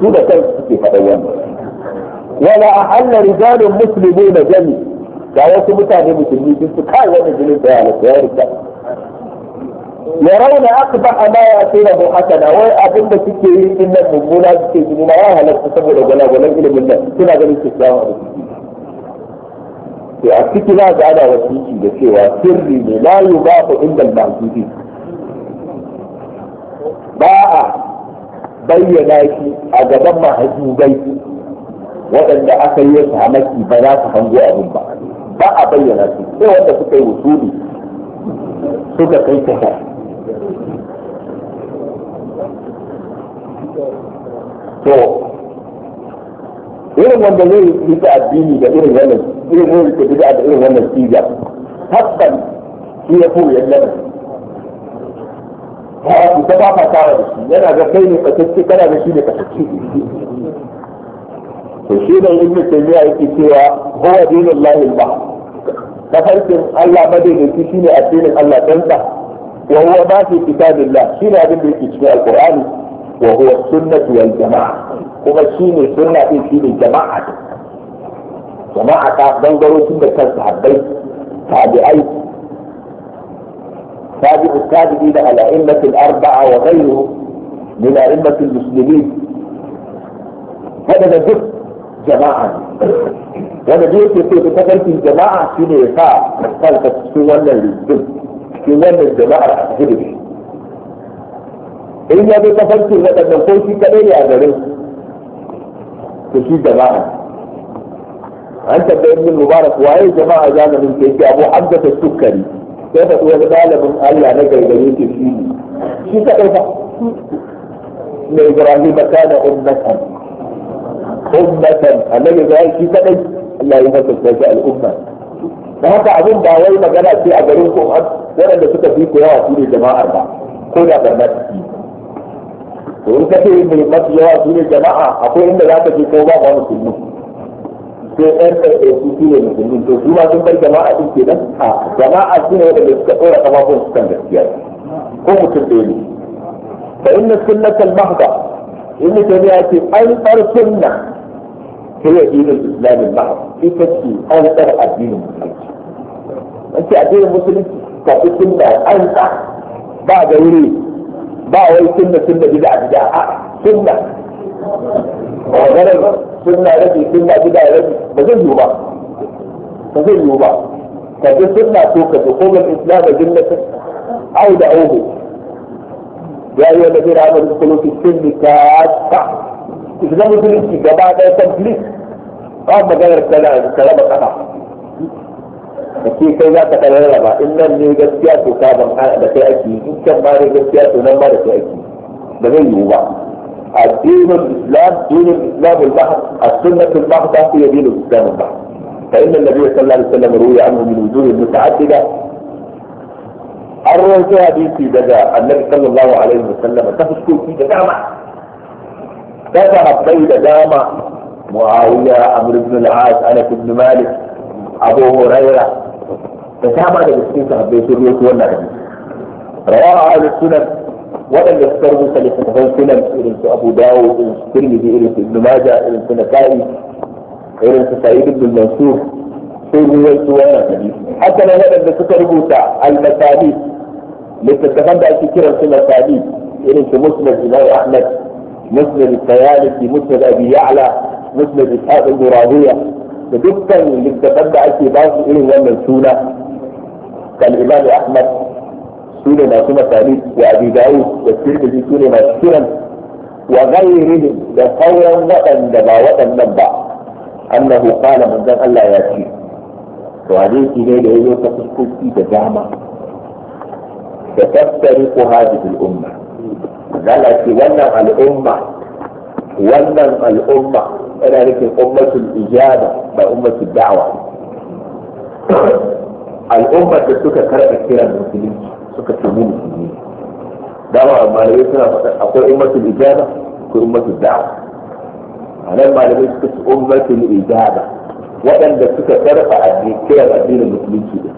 su da kansu suke faɗa wannan wala a ahalla musulmi na jami ga wasu mutane musulmi sun su kai wani jini da ya halatta ya rikta ya rauna aka ba a maya sai da wai abin da suke yi in nan mummuna suke a na ya halatta saboda gwalagwalan ilimin nan suna ganin a abu to a ciki na ga wasu wasiki da cewa sirri ne la yu inda al-mahdubi ba a bayyana shi a gaban mahdubai waɗanda aka yi su hamaki ba za su hango abin ba ba a bayyana shi sai wanda suka yi wusuli suka kai kasa to irin wanda zai rika addini da irin wannan irin zai rika bid'a da irin wannan siga hakan shi ya koyi yallana ba ku ta ba ka tara da shi yana ga kai ne fatacce kana da shi ne fatacce to shi da ibn taymiya yake cewa huwa dinullahi al-bahr tafarkin Allah madaidaiti shine addinin Allah danta وهو ما في كتاب الله شنو هذا اللي في القرآن وهو السنة والجماعة كما شنو السنة في إيه شنو الجماعة جماعة تعبدين ضروري سنة كان حبيت تابعين تابع التابعين الأئمة الأربعة وغيره من أئمة المسلمين هذا نجد جماعة وأنا بيوتي في so في tafarkin jama'a shi ne ya sa cikin wannan jama'ar zunubi in ya bi na ɗan ko shi kaɗai ne a garin to shi jama'a an tabbayar min mubarak waye jama'a zamanin ke yake abu hamza ta sukari sai faɗi wani ɗalibin allah na gargare ke shi shi kaɗai fa mai ibrahim ta da ummatan ummatan annabi ibrahim shi kaɗai allah ya masa sai al'umma da haka abin ba wai magana ce a garin ko waɗanda suka fi ku yawa su ne jama'ar ba ko da barna ciki to in ka ce mai mafi yawa su ne jama'a akwai inda za ka je ko ba ba musulmi sai ɗan ɗaiɗaiku su su ne musulmi to su ma sun bar jama'a sun ke nan a jama'a su ne waɗanda suka ɗora kafafun su kan gaskiya ko mutum ɗaya ne fa inna sunnatal mahda in mutum ya ce an ɓar sunna هي دين الإسلام المحض في تشكيل أو ترى الدين المسلم أنت الدين المسلم tafi sunna an ta ba da wuri ba wai sunna sunna bid'a bid'a a sunna maganar sunna rabi sunna bid'a rabi ba zai yiwu ba ba zai yiwu ba ka ji sunna to ka ji ko min islam jinnatan aw da auhu ya yi wani zira amal da kulofi sunni ka ta idan musulunci gaba ɗaya complete ba maganar kala kala ba kafa da ke kai za ka karara ba in nan ne gaskiya to ka ban da kai ake yi in can ma ne gaskiya to nan ma da kai ake ba zai yiwu ba الدين الاسلام دين الاسلام البحر السنه البحثه هي دين الاسلام البحر فان النبي صلى الله عليه وسلم روي عنه من وجوه متعدده an rawaito hadisi daga annabi sallallahu alaihi wa sallam ta fuskoki da dama ta sahabbai da dama muawiya amr ibn al-as anas ibn malik abu hurairah da dama daga cikin sahabbai sun rubuta wannan hadisi rawaha ahlus sunan waɗanda suka rubuta littattafan sunan irin su Abu Dawud irin su Tirmidhi irin su Ibn Majah irin su Nasa'i irin su Sa'id ibn Mansur sun rubuta wannan hadisi haka nan waɗanda suka rubuta al-masalih littattafan da ake kiran su masalih irin su Musnad Imam Ahmad Musnad Al-Tayalisi Musnad Abi Ya'la Musnad Ishaq ibn Rabi'a da dukkan littattafan da ake ba su irin wannan suna الإمام أحمد سنة سنة ثاني وأبي داود والترمذي سنة ما سنة وغيرهم لقولا وأن ما وأن أنه قال من ذا ألا يأتي وعليه إليه يوسف في تجامع ستفترق هذه الأمة ذلك ولا الأمة ولا الأمة أنا لكن أمة الإجابة بأمة الدعوة al'ummar da suka karɓa kiran musulunci suka tuni musulmi dama malamai suna faɗa akwai ummatul ijaba ko ummatul da'a, a nan malamai suka ci ummatul ijaba waɗanda suka karɓa kiran addinin musulunci din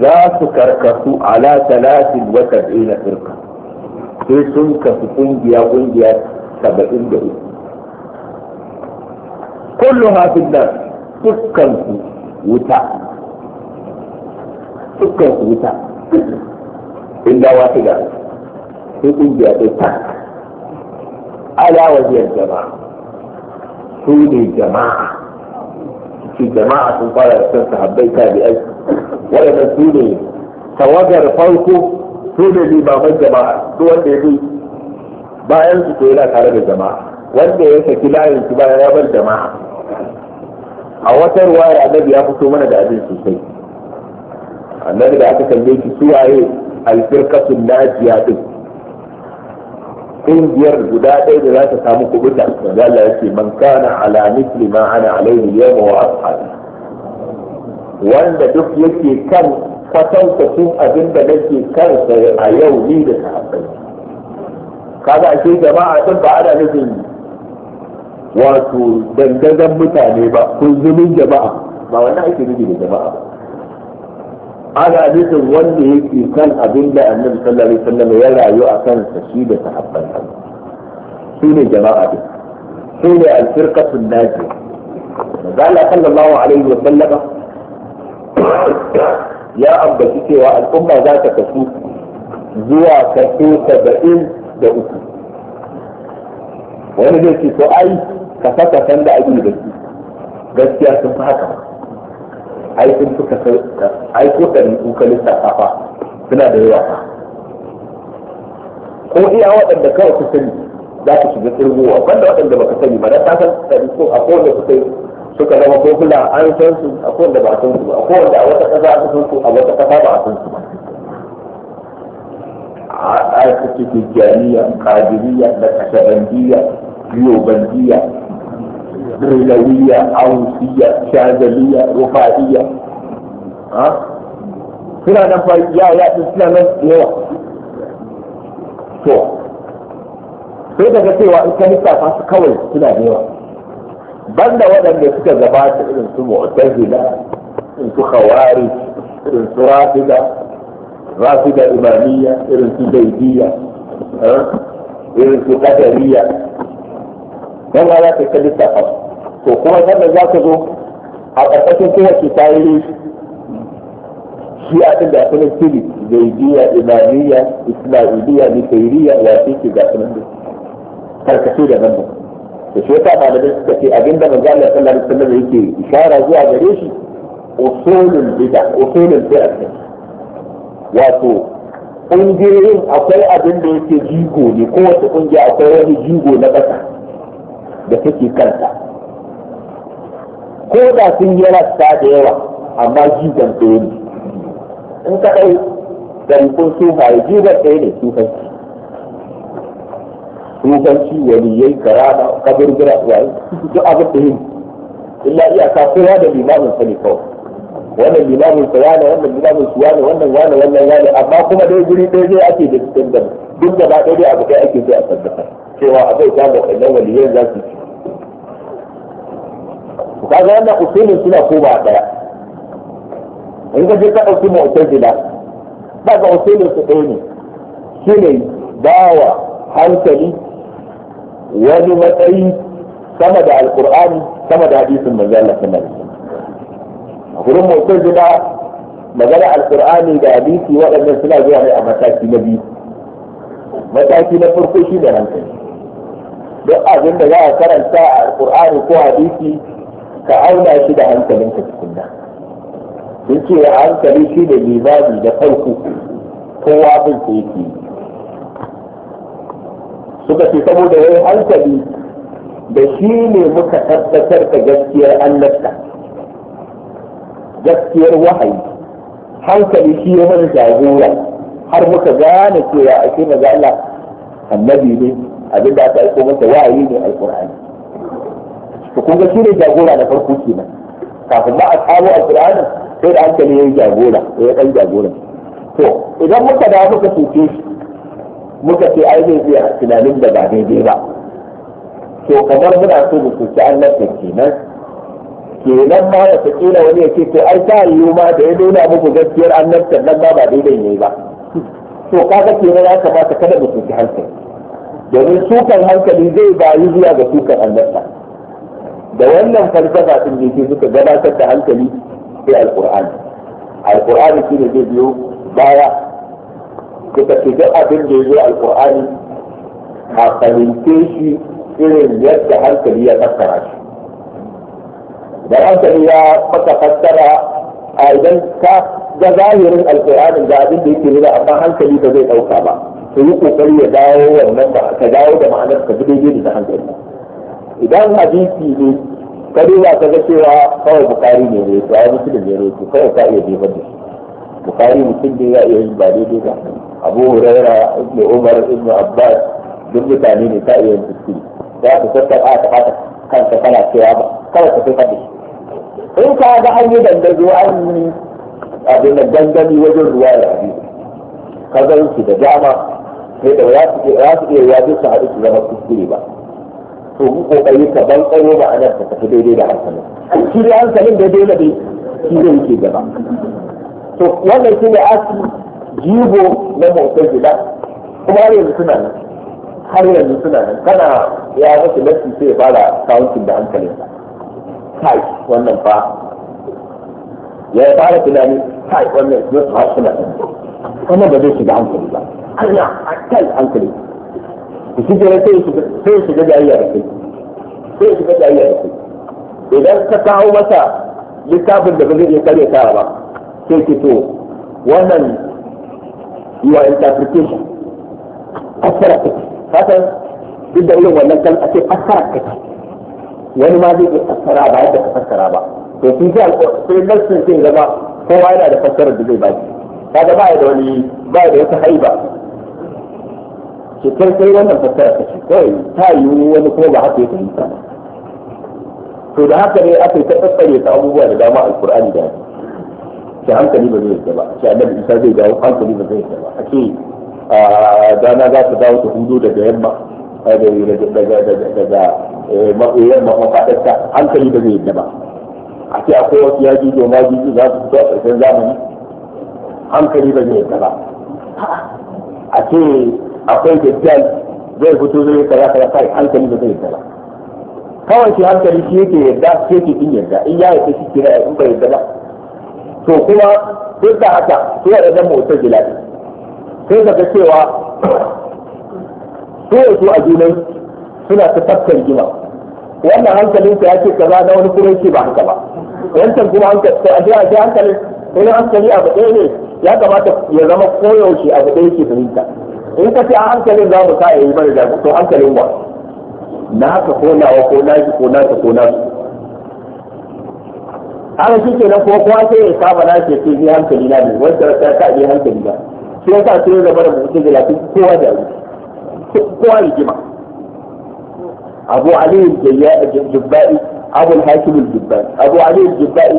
za su karkasu ala talatin wa sab'ina firqa sai sun kasu kungiya kungiya saba'in da uku kullu hafin nan dukkan wuta dukkan su wuta illa ga sai kungiya dai ta ala wajiyar jama'a su ne jama'a shi jama'a sun fara da kan sahabbai tabi'ai waɗanda su ne tawagar farko su ne limaman jama'a su wanda ya bi bayan su to yana tare da jama'a wanda ya saki layin su bayan ya bar jama'a a wata ruwa ya ya fito mana da abin sosai annabi da aka kalle shi waye alfirkatun najiya din kungiyar guda ɗaya da za ta samu kubuta da Allah yake man kana ala misli ma ana alaihi yawma wa ashabi wanda duk yake kan kwatankwacin abin da nake kan sai a yau ni da sahabbai kaga ake jama'a din ba ana nufin wato dandazon mutane ba kun zumin jama'a ba wannan ake nufi da jama'a ba هذا حديث وله في كان أبين ده النبي صلى الله عليه وسلم يرى يو أكان تشيد تحب الحب حين جماعة دي حين الفرقة الناجية قال صلى الله عليه وسلم يا أبا جيكي والأمة ذات تسوك زوا تسوك بإن دعوكي وانا جيكي سؤال كفاكا كان دعوكي بس بس يا سمحك ai sun suka aiko da ɗari kuka lissafa fa suna da yawa ba ko iya waɗanda kawai ku sani za ku shiga tsirgowa banda waɗanda baka sani ba dan ta san ɗari ko a kowanne suka yi suka zama ko kula an san su a kowanne ba a san su ba a kowanne a wata ƙasa an san su a wata ƙasa ba a san su ba a ɗaya ta ce tijjaniya ƙadiriya da ƙashabandiya yobandiya غلوية عوسية شاذلية رفاهية ها فلا نفع يا يا إسلام يو شو سيدا إذا كتير وإن كان يسأل فاس كول فلا يو بند ولا من يسكت زبات إن سو معتزلة إن سو خوارج إن سو رافدة رافدة إمامية إن سو بيدية ها إن سو قدرية nan ma za ka ta lissafa to kuma sannan za ka zo a ƙarƙashin kowace tarihi shi a ɗin da sunan siri zaidiya imamiyya ismailiyya nikairiyya ya fi ke ga sunan karkashe da nan ba, da shi yasa malamai suka ce abinda manzo Allah sallallahu alaihi wasallam yake ishara zuwa gare shi usulul bid'a usulul bid'a wato ƙungiyoyin akwai abin da yake jigo ne kowace ƙungiya akwai wani jigo na ƙasa da take kanta ko da sun yi rasta da yawa amma jigan ɗaya ne in ka kaɗai ɗarikun sufaye jigan ɗaya ne sufanci sufanci waliyai karama kaburbura yayi duk abin da yin illa iyaka kowa da limamin sa ne kawai wannan limamin sa yana wannan limamin su yana wannan yana wannan yana amma kuma dai guri ɗaya zai ake da cikin da duk gaba ɗaya dai abu ɗaya ake zai a tabbatar cewa abai ta da wannan waliyai za su kaga wannan usulin suna ko ba daya in ka je ka dauki mu'tazila ba ga usulin su dai ne ne bawa hankali wani matsayi sama da alkur'ani sama da hadisin manzo Allah sallallahu alaihi wasallam gurin mu'tazila magana alkur'ani da hadisi waɗannan suna zuwa ne a mataki na biyu mataki na farko shi ne hankali duk abin da za a karanta a alkur'ani ko hadisi ka auna shi da hankalinka tukunna sun ce hankali shi da limani da farko kowa bin sa yake suka ce saboda yayin hankali da shi ne muka tabbatar da gaskiyar annabta gaskiyar wahayi hankali shi ya mana jagora har muka gane cewa ake maza Allah annabi ne abin da aka aiko masa wahayi ne alqur'ani to kun ga shine jagora na farko kenan kafin ba a kawo alqur'ani sai da hankali yayi jagora ya dan jagora to idan muka da muka tuke shi muka ce ai zai iya tunanin da ba daidai ba to kamar muna so mu tuke annabta kenan kenan ma da kila wani ya ce to ai ta yiwu ma da ya nuna muku gaskiyar annabta nan ma ba daidai ne ba to kaga kenan ya kamata kada mu tuke hankali domin sukan hankali zai bayu zuwa ga sukan annabta da wannan falsafa din da ke suka gabatar da hankali sai alqur'ani alqur'ani shine zai biyo baya suka ce duk abin da ya zo alqur'ani a fahimce shi irin yadda hankali ya fassara shi da hankali ya maka fassara a idan ka ga zahirin alƙur'anin da abin da yake nuna amma hankali ba zai ɗauka ba to yi ƙoƙari ya dawo wannan ka dawo da ma'anar ka bi daidai da hankali idan hadisi ne ka duba ka ga cewa kawai bukari ne ne to ai musulun ne roki kawai ka iya jefa da shi bukari mutum ne ya iya yin ba daidai ba abu huraira ibn umar ibn abbas duk mutane ne ka iya yin kuskure za ka sassar a ta haka ka kana cewa ba kawai ka fi faɗi in ka ga an yi dandazo an yi abin da dangane wajen ruwa da hadisi ka gan shi da dama sai da ya su iya ya su haɗu su zama kuskure ba to yi kokari ka ban tsaro ma'anar ka tafi daidai da hankalin shi da hankalin da dole dai shi zai ke gaba to wannan shi ne asu jibo, na gida. kuma har yanzu suna nan har yanzu suna nan kana ya musu lafi sai ya fara kawuncin da hankalin sa kai wannan fa ya fara tunani kai wannan ya fara nan. Kuma ba zai shiga hankali ba Allah a kai hankali ku shi kenan sai su shiga jayayya da kai sai su shiga jayayya da sai. idan ka kawo masa littafin da ba zai iya karyata ba sai ki to wannan your interpretation fassara ka haka duk da irin wannan kan ake fassara ka wani ma zai iya fassara ba yadda ka fassara ba to kun ji sai nassin zai zama kowa yana da fassarar da zai ba shi kaga ba da wani ba ya da wata haiba ce kai kai wannan fassara ta ce kai ta yi wani kuma ba haka ya fahimta to da haka ne aka yi ta tsatsare ta abubuwa da dama alkur'ani da hadisi ce hankali ba zai yarda ba ce annabi isa zai dawo hankali ba zai yarda ba a ce dana za ta dawo ta hudu daga yamma daga yamma mafaɗarta hankali ba zai yarda ba a ce akwai wasu yaji da maji za su fito a ƙarshen zamani hankali ba zai yarda ba a ce akwai kyakkyan zai fito zai yi kaza kaza kai hankali da zai kaza kawai shi hankali shi yake yadda, shi yake kin yadda in ya yarda shi kira in bai yadda ba to kuma duk da haka sai ya zama wata jilali sai ka ga cewa su da su a junan suna ta tafkar gima wannan hankalinsa ya ce kaza na wani kuma ba haka ba wancan kuma hankali a ji hankalin wani hankali abu ɗaya ne ya kamata ya zama koyaushe abu ɗaya ke fahimta in ka ce a hankalin za mu sa'a yi mana jagu to hankalin ba na haka ko nawa ko na shi ko na ta ko na su haka shi ke nan ko kowa sai ya saba na ce ni hankali na ne wanda ta ka ni hankali ba shi ya sa sun zama da mutum da lafi kowa da kowa gima. abu aliyu jibba'i abu al jibba'i abu aliyu jibba'i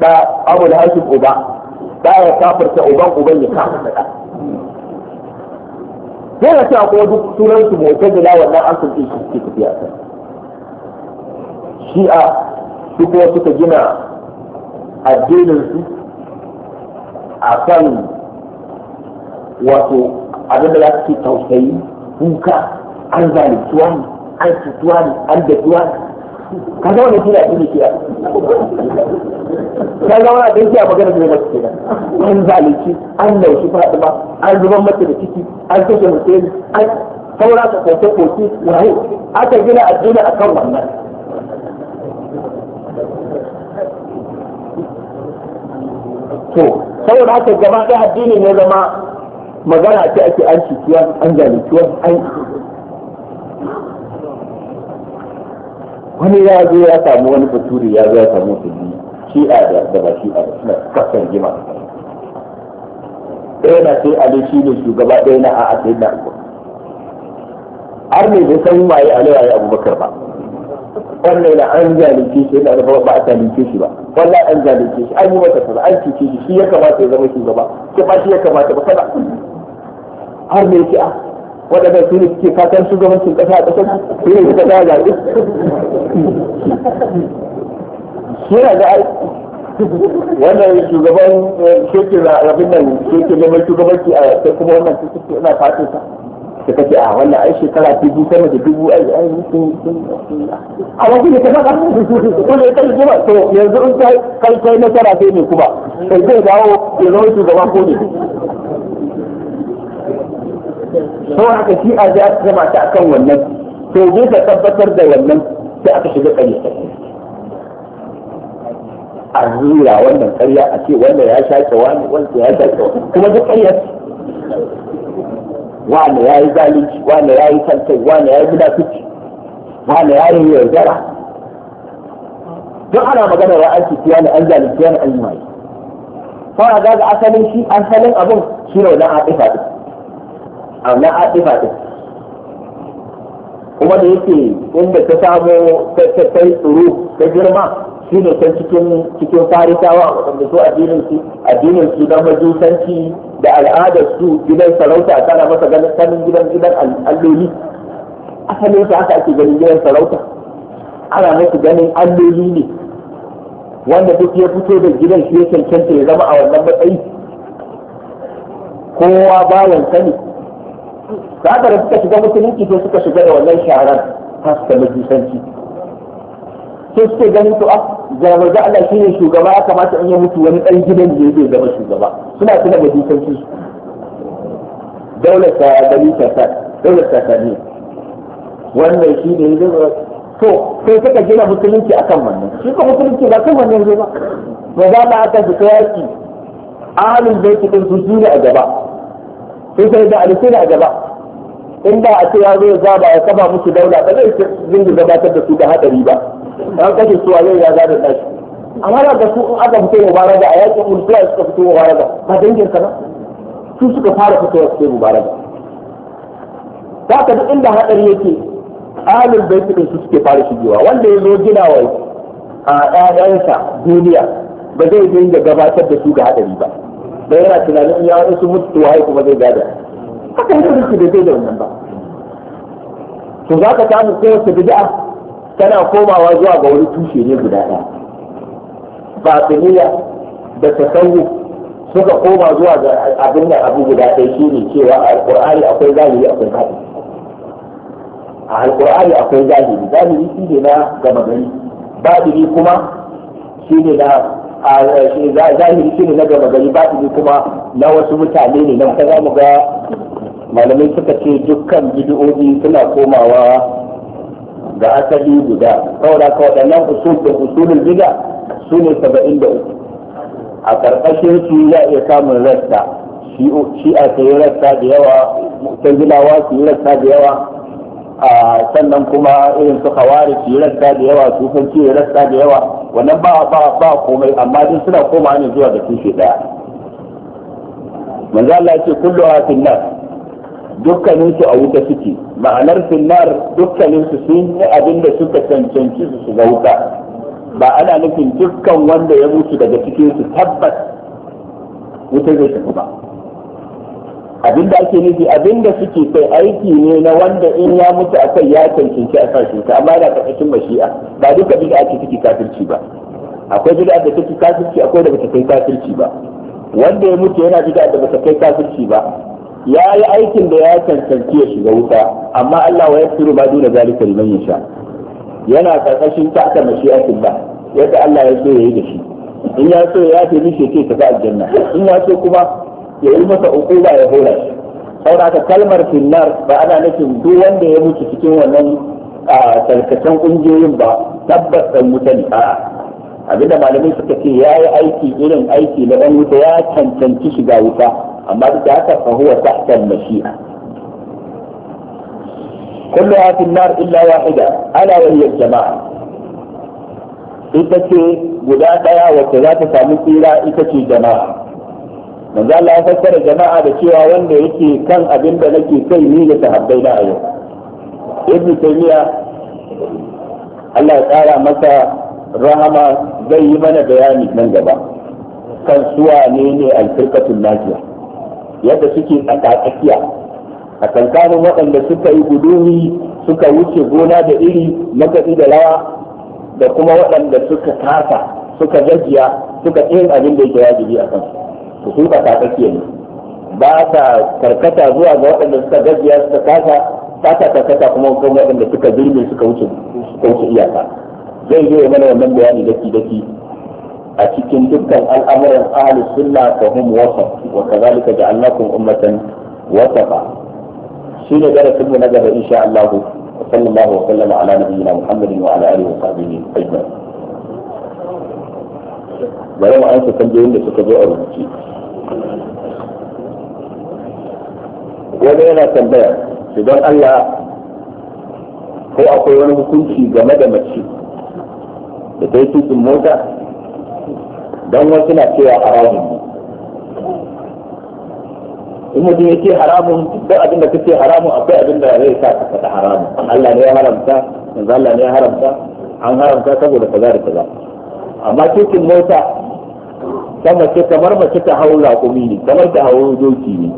da abu al uba da ya kafarta uban uban ya kafarta da ka cewa kuma duk sunan su mu'tazila wannan an sun su ke tafiya ta shi'a duk kuma suka gina addinin su a kan wato abinda za su ce tausayi kuka an zalunci ne, an cutuwa ne an datuwa ne ka ga wannan shine addini kiya ka ga wannan addini kiya magana ne mace kenan an zalunci an laushi fatima an zuban mace da ciki an kashe husaini an saura ka koke koke waye aka gina addini kan wannan to saboda haka gaba ɗaya addini ne zama magana ce ake an cikiya an zalunci an wani ya zo ya samu wani faturi ya zo ya samu su shi a da da ba shi a da suna kasan jima ɗaya na sai ali shi ne shugaba ɗaya na a'a sai na har ne bai san waye ali waye abubakar ba wanne na an zalunce shi yana da ba a zalunce shi ba wallahi an zalunce shi an yi masa kaza an cuce shi shi ya kamata ya zama shugaba ke ba shi ya kamata ba kada har ne ki a ah, waɗanda su ne suke fatan shugabancin ƙasa a ƙasar su ne suka tsaya zaɓe yana da ai wannan shugaban eh, sheke rabin nan na neman shugabanci a sai kuma wannan suke ina fatan sa Ta kake a ah, wannan ai shekara ta biyu sama da dubu ai ai sun sun ah. a wani ne ta faɗa ko ne ta kuma to yanzu in kai kai nasara sai ne kuma sai zai dawo ya zama shugaban ko ne ko haka shi a za ta a kan wannan to zai ka tabbatar da wannan sai aka shiga ƙarya a zura wannan ƙarya a ce wannan ya shaƙe wani wanda ya shaƙe wani kuma duk ƙarya wani ya yi zalunci wani ya yi kantai wani ya yi munafici wani ya yi yaudara don ana magana ya an ciki wani an zalunci wani an yi mai kawai ga asalin shi asalin abin shi ne wannan a ɗifa a na atifa din kuma da yake inda ta samu ta yi tsoro ta girma shi ne can cikin farisawa waɗanda su addininsu, addininsu, addinin su na da al'adarsu gidan sarauta tana masa ganin sanin gidan gidan alloli asalin su haka ake ganin gidan sarauta ana musu ganin alloli ne wanda duk ya fito da gidan shi ya cancanta ya zama a wannan matsayi kowa bayan sani kaga da suka shiga musulunci sai suka shiga da wannan sharar haska majusanci sai suke ganin to ah jama'a Allah shine shugaba ya kamata in ya mutu wani dan gidan ne zai zama shugaba suna tuna majusanci daular ta gani ta ta daular ta ta ne wannan shi ne zai to sai suka gina musulunci akan wannan shi ko musulunci ba kan wannan zai ba ba za ka aka fita yaki ahalin zai cikin su ne a gaba sai sai da alisina a gaba in ba a ce ya zo ya zaba ya saba musu daula ba zai da gabatar da su da hadari ba an kashe su a yau ya zaba da shi amma da su in aka fito mubaraza a yakin ulfiya suka fito mubaraza ba dangin ka ba su suka fara fito su mubaraza ka duk inda hadari yake alul baiti din su suke fara shigewa wanda ya zo gina wa a ƴaƴansa duniya ba zai dinga gabatar da su ga hadari ba da yana tunanin ya wani su mutu to haiku ba zai gada haka musulunci da zai da wannan ba to za ka samu kowace bid'a tana komawa zuwa ga wani tushe ne guda ɗaya batiniya da tasawuf suka koma zuwa ga abin da abu guda ɗaya shine cewa a alƙur'ani akwai zahiri akwai kaɗi a alƙur'ani akwai zahiri zahiri shi ne na gama gari batini kuma shi ne na zahiri shi ne na gama gari batini kuma na wasu mutane ne na kaza mu ga malamai suka ce dukkan bid'o'i suna komawa ga asali guda saboda ka waɗannan usulun da usulul bid'a su ne saba'in da uku a ƙarƙashin su ya iya samun rasta Shi ta yi rasta da yawa mutanzilawa su yi rasta da yawa a sannan kuma irin su hawari su yi rasta da yawa su san yi rasta da yawa wannan ba ba ba komai amma dai suna komawa ne zuwa da tushe daya manzo Allah ya ce kullu hatin nas dukkaninsu a wuta suke ma'anar finnar dukkaninsu sun yi abin da suka cancanci su shiga wuta ba ana nufin dukkan wanda ya mutu daga cikin su tabbas wuta zai tafi ba abin da ake nufi abin da suke kai aiki ne na wanda in ya mutu a kai ya cancanci a kan shuka amma yana karkashin mashi'a ba duka da ake ciki kafirci ba akwai bid'a da take kafirci akwai da bata kai kafirci ba wanda ya mutu yana bid'a da bata kai kafirci ba ya yi aikin da ya cancanci ya shiga wuta amma Allah wa yassiru ba duna zalika liman yasha yana karkashin mashi mashi'atin ba yadda Allah ya so ya yi da shi in ya so ya fi mishi ce ta ga aljanna in ya so kuma ya yi masa uquba ya hora shi saboda kalmar finnar ba ana nufin duk wanda ya mutu cikin wannan tarkacen kungiyoyin ba tabbas dan wuta a'a abinda malamai suka ce ya yi aiki irin aiki na dan wuta ya cancanci shiga wuta أما بدعك فهو تحت المشيئة كلها في النار إلا واحدة ألا وهي الجماعة ita ce guda ɗaya wacce za ta samu tsira ita ce jama'a manzo Allah ya fassara jama'a da cewa wanda yake kan abin da nake kai ni da sahabbai na a yau ibn taymiya Allah ya tsara masa rahama zai yi mana bayani nan gaba kan suwa ne ne alfirqatul najiya yadda suke tsakiya a tsakanin waɗanda suka yi guduwi suka wuce gona da iri makaɗi da rawa da kuma waɗanda suka kasa suka gajiya suka yin abin da yake wajibi a kansu su sun tsakiya ne ba ta karkata zuwa ga waɗanda suka gajiya suka kasa ba ta karkata kuma kan waɗanda suka girme suka wuce iyaka zai zo ya mana wannan bayani daki daki a cikin dukkan al'amuran ahlus sunna fa hum wasaf wa kadhalika ja'alnakum ummatan wasafa shine darasin mu na gaba insha Allah wa sallallahu wa sallama ala nabiyyina Muhammadin wa ala alihi wa sahbihi ajma'in bari mu ansa tambayoyin da suka zo a rubuce wani yana tambaya idan Allah ko akwai wani hukunci game da mace da ta yi tutun mota don wasu na cewa haramun ne in mutum ya ce haramun duk abin da kace haramun akwai abin da zai sa ka faɗa haramun Allah ne ya haramta yanzu Allah ne ya haramta an haramta saboda kaza da kaza amma cikin mota ta mace kamar mace ta hau raƙumi ne kamar ta hau doki ne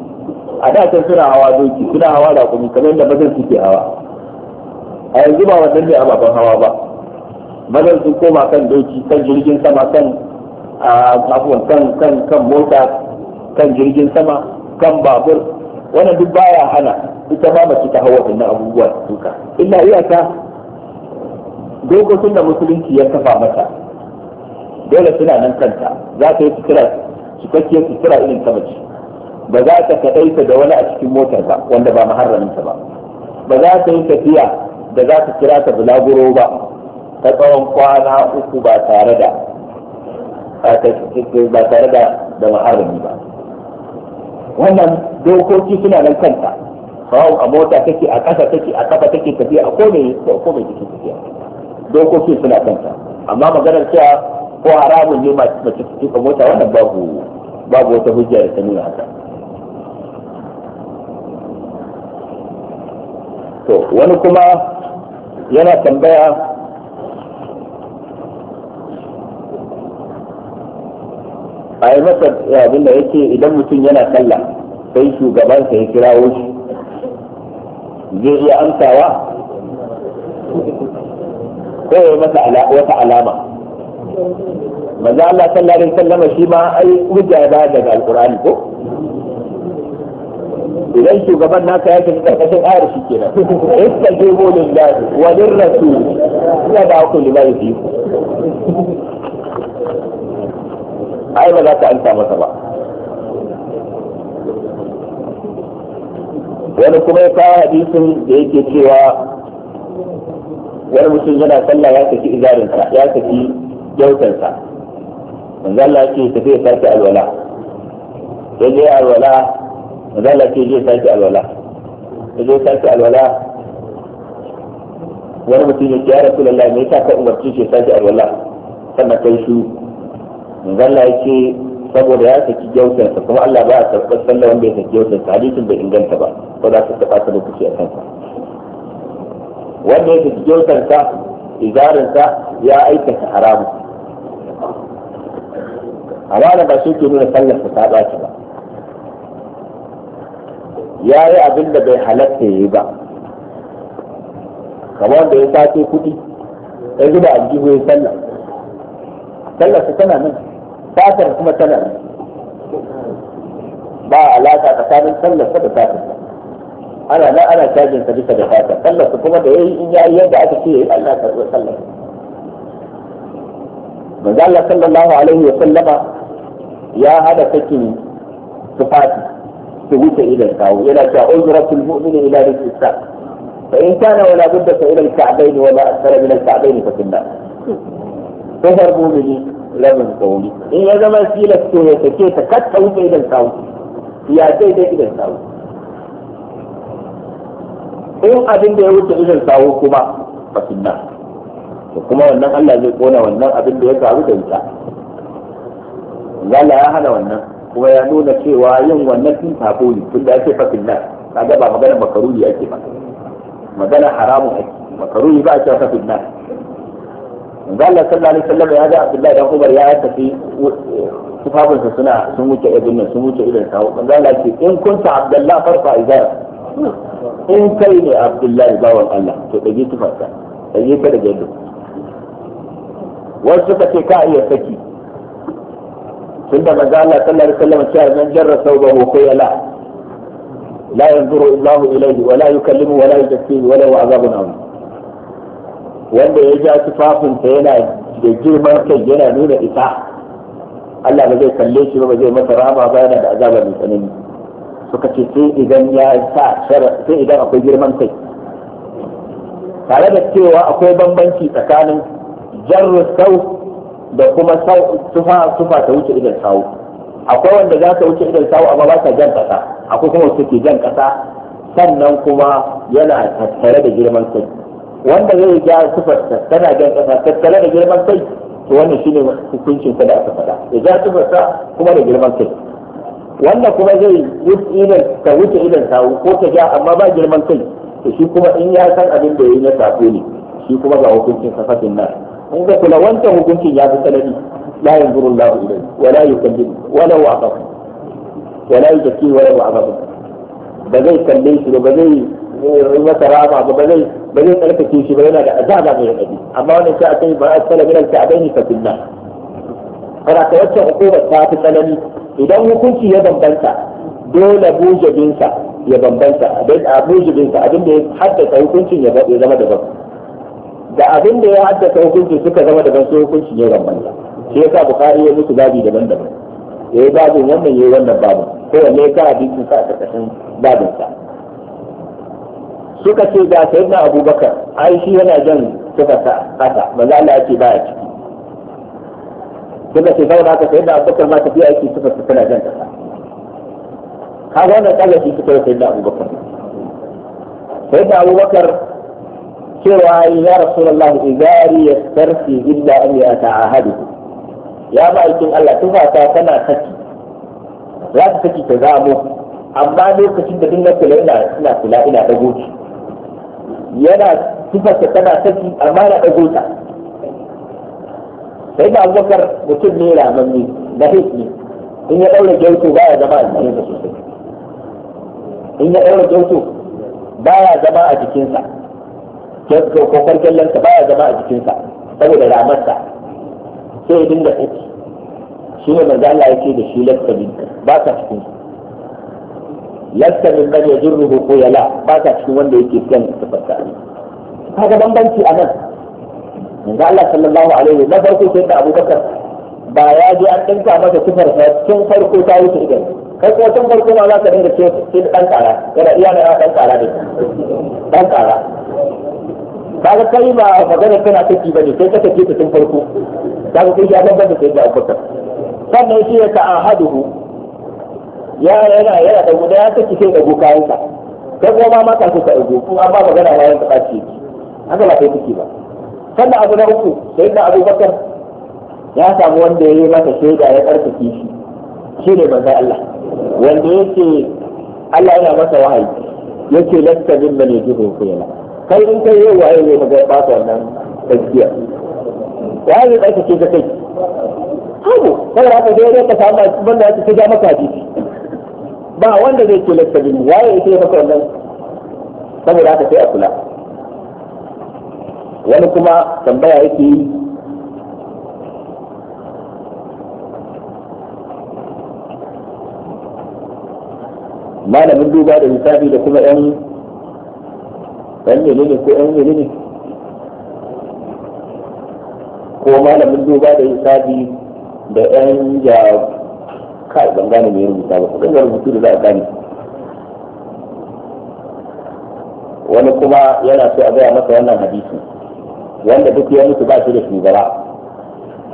a da can suna hawa doki suna hawa raƙumi kamar yadda mazan suke hawa a yanzu ba wannan ne ababen hawa ba mazan sun koma kan doki kan jirgin sama kan abubuwan kan kan kan mota kan jirgin sama kan babur wannan duk baya hana ita ma mace ta hawa wannan abubuwa duka illa iyaka dokokin da musulunci ya kafa mata dole suna nan kanta za ta yi sutura cikakkiyar sutura irin ta mace ba za ta kaɗaita da wani a cikin motar ba wanda ba ta ba ba za ta yi tafiya da za ta kira ta bulaguro ba ta tsawon kwana uku ba tare da ba tare da da maharami ba wannan dokoki suna nan kanta kawo a mota take a ƙasa take a kafa take tafiya a kome ko mai jikin tafiya dokoki suna kanta amma maganar cewa ko haramun ne mace tuka mota wannan babu babu wata hujja da ta nuna haka to wani kuma yana tambaya a yi masa abin da yake idan mutum yana sallah sai shugaban sa ya kira wuce zai iya amsawa ko ya masa wata alama manzo Allah sallallahu alaihi wasallam shi ma ai hujja ba daga alqur'ani ko idan shugaban naka ya da karkashin ayar shi kenan istajibu lillahi wa lirrasul wa da'u biyu. ai ba za ta anta masa ba wani kuma ya kawo hadisin da yake cewa wani mutum yana sallah ya saki izarinsa ya saki gyautarsa manzo Allah yake tafi ya sake alwala ya je alwala manzo Allah yake je sake alwala ya je sake alwala wani mutum ya ce ya rasu lallai me yasa ka umarci shi sake alwala sannan kai su. manzalla yake saboda ya saki sa kuma Allah ba a tabbatar sallah wanda ya saki sa hadisin bai inganta ba ko za ka taɓa ta lokaci a kansa wanda ya saki gyautarsa izarinsa ya aikata haramu amma da ba shi ke nuna sallar ta ɓaci ba ya yi abin da bai halatta ya yi ba kamar da ya sace kuɗi ya zuba a ya sallah sallar tana nan fatar kuma tana ba alaƙa tsakanin sallar da fatar ana nan ana cajin sa bisa da fatar sallar su kuma da yayi in yayi yadda aka ce yayi Allah ka zuwa sallar manzo Allah sallallahu alaihi wa sallama ya hada sakin tufati su wuce idan kawo yana cewa uzratul mu'mini ila rizqi فإن كان ولا بد فإلى الكعبين وما أسفل من الكعبين ففي النار. فهر مؤمنين rabin kauri in ya zama silas to ya take ta katta wuce idan sawu ya sai dai idan sawu in abin da ya wuce idan sawu kuma fasinna to kuma wannan Allah zai kona wannan abin da ya faru da wuta Allah ya hana wannan kuma ya nuna cewa yin wannan tun tabo ne tun da ake fasinna kaga ba magana makaruri ake ba magana haramun ake makaruri ba a cewa fasinna manzo Allah sallallahu alaihi wasallam ya ga Abdullahi dan Umar ya tafi tufafin su suna sun wuce ibn sun wuce idan sawo manzo Allah ce in kunta Abdullahi farfa izar in kai ne Abdullahi bawan Allah to dage tufarka dage ka da yadda wasu suka ce ka iya saki tunda manzo Allah sallallahu alaihi wasallam ce zan jarra saubahu khuyala لا ينظر الله إليه ولا يكلمه ولا يزكيه وله عذاب عظيم wanda ya ja tufafinsa yana da girman kai yana nuna isa Allah ba zai kalle shi ba ba zai masa rama ba yana da azaba mai tsanani suka ce sai idan ya sa sai idan akwai girman kai tare da cewa akwai bambanci tsakanin jarru sau da kuma tufa tufa ta wuce idan sau akwai wanda za ta wuce idan sau amma ba ta jan kasa akwai kuma suke ke jan kasa sannan kuma yana tattare da girman kai wanda zai ja sifarsa tana jan kasa tattare da girman kai to wannan shine hukuncin sa da aka faɗa ya ja sifarsa kuma da girman kai wanda kuma zai wuce idan ka wuce idan sawu ko ta ja amma ba girman kai to shi kuma in ya san abin da yayi na sako ne shi kuma ga hukuncin sa fatin nan in ga kula wancan hukuncin ya fi sanadi. la yanzuru Allahu ilayhi wa la yukallimu wa la yu'aqabu wa la yuzakki wa la yu'aqabu ba zai kalle shi ba zai in masa rama ba ba zai ba zai tsarkake shi ba yana da azaba mai raɗaɗi amma wannan sai a ce ba a tsala minal ka'baini fa sunna kana ta wacce hukuma ta fi tsanani idan hukunci ya bambanta dole bujabinsa ya bambanta a bujabinsa abin da ya haddasa hukuncin ya zama daban da abin da ya haddasa hukuncin suka zama daban sai hukuncin ya bambanta shi yasa bukari ya musu babi daban-daban ya yi babin wannan ya yi wannan babin kowanne ya sa hadisin sa a ƙarƙashin babinsa suka ce ga sai na abubakar ai shi yana jan suka sa kasa maza Allah yake baya ciki suka ce ga haka sai na abubakar ma tafiya yake suka ta kana jan kasa ka ga wannan shi suka ce sai na abubakar sai abubakar cewa ya rasulullahi izari yastarfi illa an yata'ahadu ya ma'aikin Allah tufata tana saki za ta saki ta zamo amma lokacin da duk na kula ina kula ina dago ki yana sifarsa tana saki amma na ɗago ta sai da abubakar mutum ne ramanni da haifi. in ya ɗaura gyauto ba ya zama a jikinsa sosai in ya ɗaura gyauto ba ya zama a jikinsa ko farkellansa ba ya zama a jikinsa saboda ramarsa sai ya dinga saki shi ne manzo Allah yake da shi lafiya ba ta cikinsa lasta min man yajurruhu ko yala ba ta cikin wanda yake kan tafarka kaga bambanci a nan yanzu Allah sallallahu alaihi na farko sai da Abubakar ba ya je an dinka masa sa tun farko ta wuce idan kai ko tun farko ma za ka dinga ce sai dan kara yana iya ne dan kara ne dan kara kaga kai ba magana kana take bane sai ka take ta tun farko kaga kai ya bambanta sai da Abubakar sannan shi ya ta'ahaduhu ya yana yana da guda ya saki sai dago kayan sa kai kuma ma maka su ka dago ko an ba magana ma yanka kace haka ba kai kike ba sannan abu na uku sai da Abubakar ya samu wanda ya yi masa shaida ya karfafe shi shi ne manzo Allah wanda yake Allah yana masa wahayi yake lasta bin man yajibu kuyala kai in kai yau waye ne maga ba wannan gaskiya ya yi ka ce ta kai abu kai ra ka dai ka samu banda ta ga maka hadisi ba wanda zai ce lasta bini waye yake maka wannan saboda haka sai a kula wani kuma tambaya yake yi malamin duba da hisabi da kuma yan yan menene ko yan menene ko malamin duba da hisabi da yan jagora kai ban gane me rubuta ba kaga rubutu da za a gane wani kuma yana so a gaya masa wannan hadisi wanda duk ya mutu ba shi da shugaba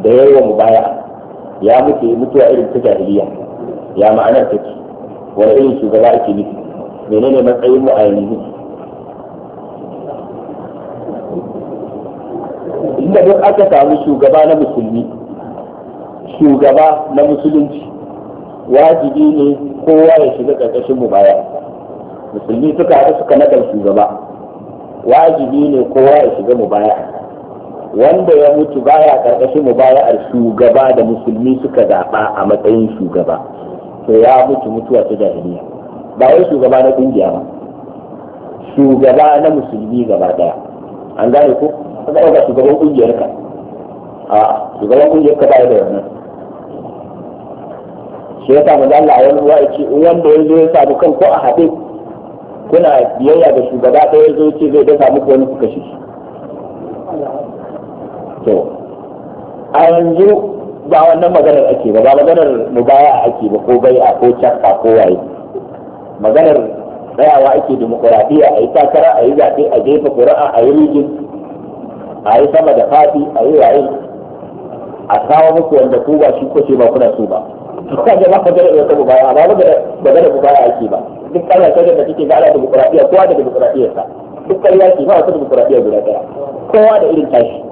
da ya yi wa mubaya ya mutu ya mutuwa irin ta jahiliya ya ma'anar ta ce wani irin shugaba ake nufi menene matsayin mu a yanzu inda duk aka samu shugaba na musulmi shugaba na musulunci wajibi ne kowa ya shiga ƙarƙashin mu baya musulmi suka haɗu suka naɗa shugaba wajibi ne kowa ya shiga mu baya wanda ya mutu baya ƙarƙashin mu baya a shugaba da musulmi suka zaɓa a matsayin shugaba to ya mutu mutuwa ta jahiliya ba wai shugaba na ƙungiya ba shugaba na musulmi gaba ɗaya an gane ko ka ga shugaban ƙungiyarka a shugaban ƙungiyarka ba da wannan shi ya samu Allah a wani ruwa ce wanda ya zo ya samu kan ko a haɗe kuna biyayya da shugaba ɗaya ya zo ce zai dasa muku wani kuka shi to a yanzu ba wannan maganar ake ba ba maganar mubaya ake ba ko a ko cakka ko waye maganar tsayawa ake dimokuraɗiyya a yi takara a yi zaɓe a jefa ƙuri'a a yi rigin a yi sama da fati a yi waye a kawo muku wanda ku ba shi ko ce ba kuna so ba ka ga ba ka da wata mubaya ba ba da ya ake ba duk kana kai da kike ga ala demokradiya kowa da demokradiyar sa duk kariya ce ba wata demokradiya guda daya kowa da irin tashi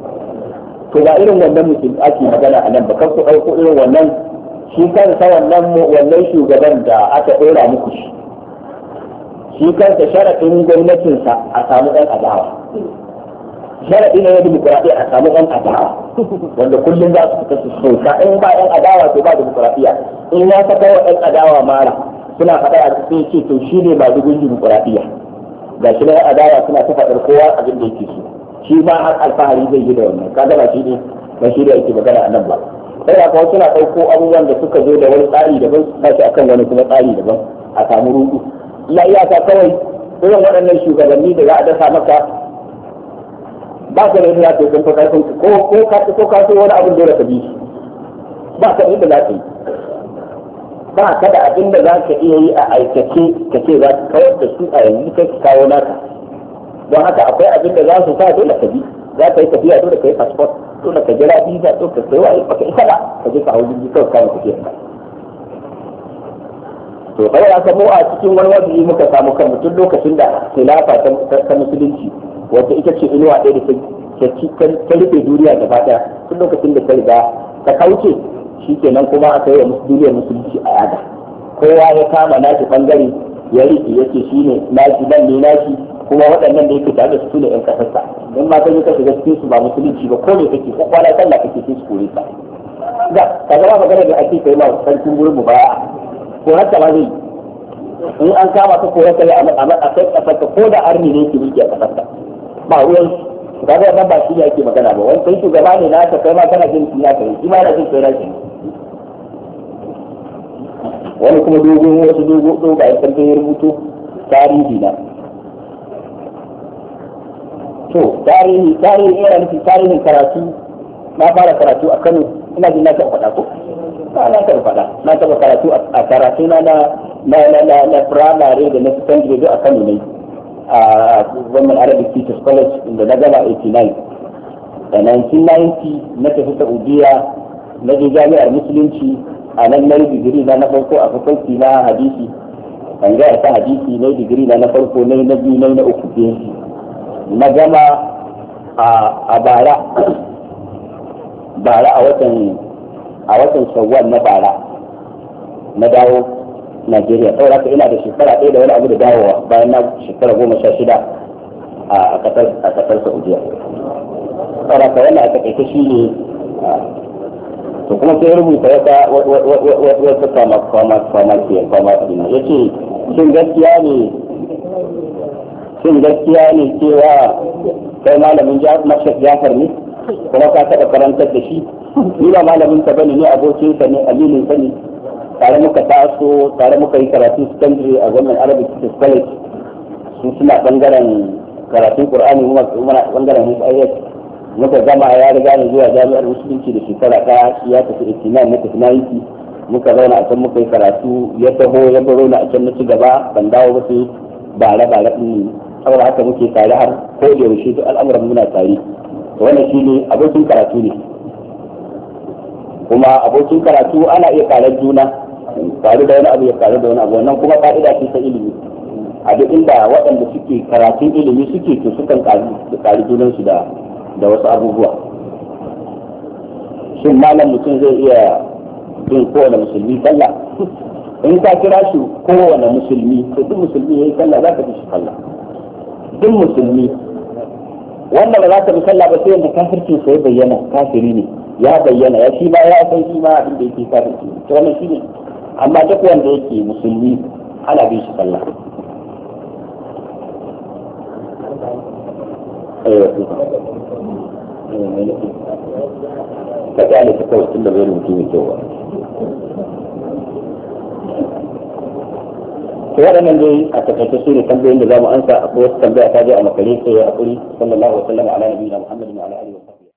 to ba irin wannan mutum ake magana a nan ba kan ku ɗauko irin wannan shi kan sa wannan wannan shugaban da aka ɗora muku shi shi kan kansa sharaɗin sa a samu ɗan adawa sharaɗi na yadda demokuraɗiyya a samu ɗan adawa wanda kullum za su fita su soka in ba ɗan adawa to ba demokuraɗiyya in ya saka wa ɗan adawa mara suna faɗa a cikin ce to shi ne ba dugun demokuraɗiyya ga shi ɗan adawa suna ta faɗar kowa abin da yake so shi ma har alfahari zai yi da wannan Ka gama shi ne ba shi da yake magana a nan ba sai da suna ɗauko abubuwan da suka zo da wani tsari daban su shi akan wani kuma tsari daban a samu ruɗu. Ila iyaka kawai irin waɗannan shugabanni da za a dasa maka ba ka da ya za ka yi don ko ko ka ko ka so wani abin dole ka bi shi ba ka da lafi za yi ba ka da abin da za ka iya yi a aikace ka ce za ka kawar da su a yanzu kai ka kawo naka don haka akwai abin da za su sa dole ka bi za ka yi tafiya dole ka yi passport dole ka jira visa dole ka sai wai ka isa ba ka je ka hawo jirgi kawai kama ka to kai ya samu a cikin wani wajibi muka samu kan mutum lokacin da khilafa ta musulunci wanda ita ce inuwa ɗaya da ta rufe duniya gaba ɗaya tun lokacin da ta riga ta kauce shi kenan kuma aka yi musu duniyar musulunci a yada kowa ya kama nashi bangare ya rike ya ce shine nashi nan ne nashi kuma waɗannan da yake tare da su ne ƴan ƙasarsa in ma yi ka shiga cikin su ba musulunci ba ko me kake ko kwana sallah kake cikin su kore ka da ka zama magana da ake kai ma sarkin gurin mu baya ko haka ma zai in an kama ka ko yi a kai ƙasarka ko da arni ne yake mulki a ƙasarka ba ruwan ba zai nan ba shi ne ake magana ba wani kai shugaba ne na ta kai ma kana jin na kai shi ma yana jin kai rashi wani kuma dogon wasu dogo ba a kan ya rubuto tarihi na to tarihi tarihi yana nufin tarihin karatu na fara karatu a Kano ina jin na ka faɗa ko na taɓa faɗa na taɓa karatu a karatu na na na na primary da na secondary a Kano ne a wannan Arabic Teachers College inda na gama 89 da 1990 na tafi Saudiya na je jami'ar musulunci a nan na yi digiri na na farko a fakulti na hadisi an gaya ta hadisi na yi digiri na na farko na na biyu na na uku biyu na gama a bara bara a watan a watan shawwal na bara na dawo Najeriya saboda haka ina da shekara ɗaya da wani abu da dawowa bayan na shekara goma sha shida a ƙasar Saudiya saboda haka wannan a takaice shi ne to kuma sai rubuta wata wata kama kama kama ke kama ke ya ce shin gaskiya ne shin gaskiya ne cewa kai malamin mashaf jafar ne kuma ka taɓa karantar da shi ni ba malamin sa bane ne abokin sa ne aminin sa ne tare muka taso tare muka yi karatun secondary a gwamnan arabic teachers college sun suna bangaren karatun qur'ani kuma bangaren his muka gama ya riga ni zuwa jami'ar musulunci da shekara ta ya tafi ikina na tafi yiki muka zauna a can muka yi karatu ya taho ya baro na a can na ci gaba ban dawo ba sai bare bare din saboda haka muke tare har ko da yaushe duk al'amuran muna tare wannan shine abokin karatu ne kuma abokin karatu ana iya karar juna faru da wani abu ya faru da wani abu wannan kuma fa'ida ce ta ilimi a duk inda waɗanda suke karatun ilimi suke to sukan ƙari junansu da da wasu abubuwa shin malam mutum zai iya bin kowane musulmi sallah in ka kira shi kowane musulmi to duk musulmi ya yi sallah za ka fi shi sallah duk musulmi wannan ba za ka bi sallah ba sai yadda kafircin sa ya bayyana kafiri ne ya bayyana ya shi ma ya san shi ma abin da yake kafirci to wannan shi ne amma duk wanda yake musulmi ana bin shi sallah eh, eh, eh. ka ta ne kawai tun da zai mutum mai kyau ba to waɗannan dai a takaice su ne tambayoyin da za mu ansa akwai wasu tambaya ta je a makare sai ya haƙuri sallallahu alaihi wa sallam ala nabiyina muhammadin wa ala alihi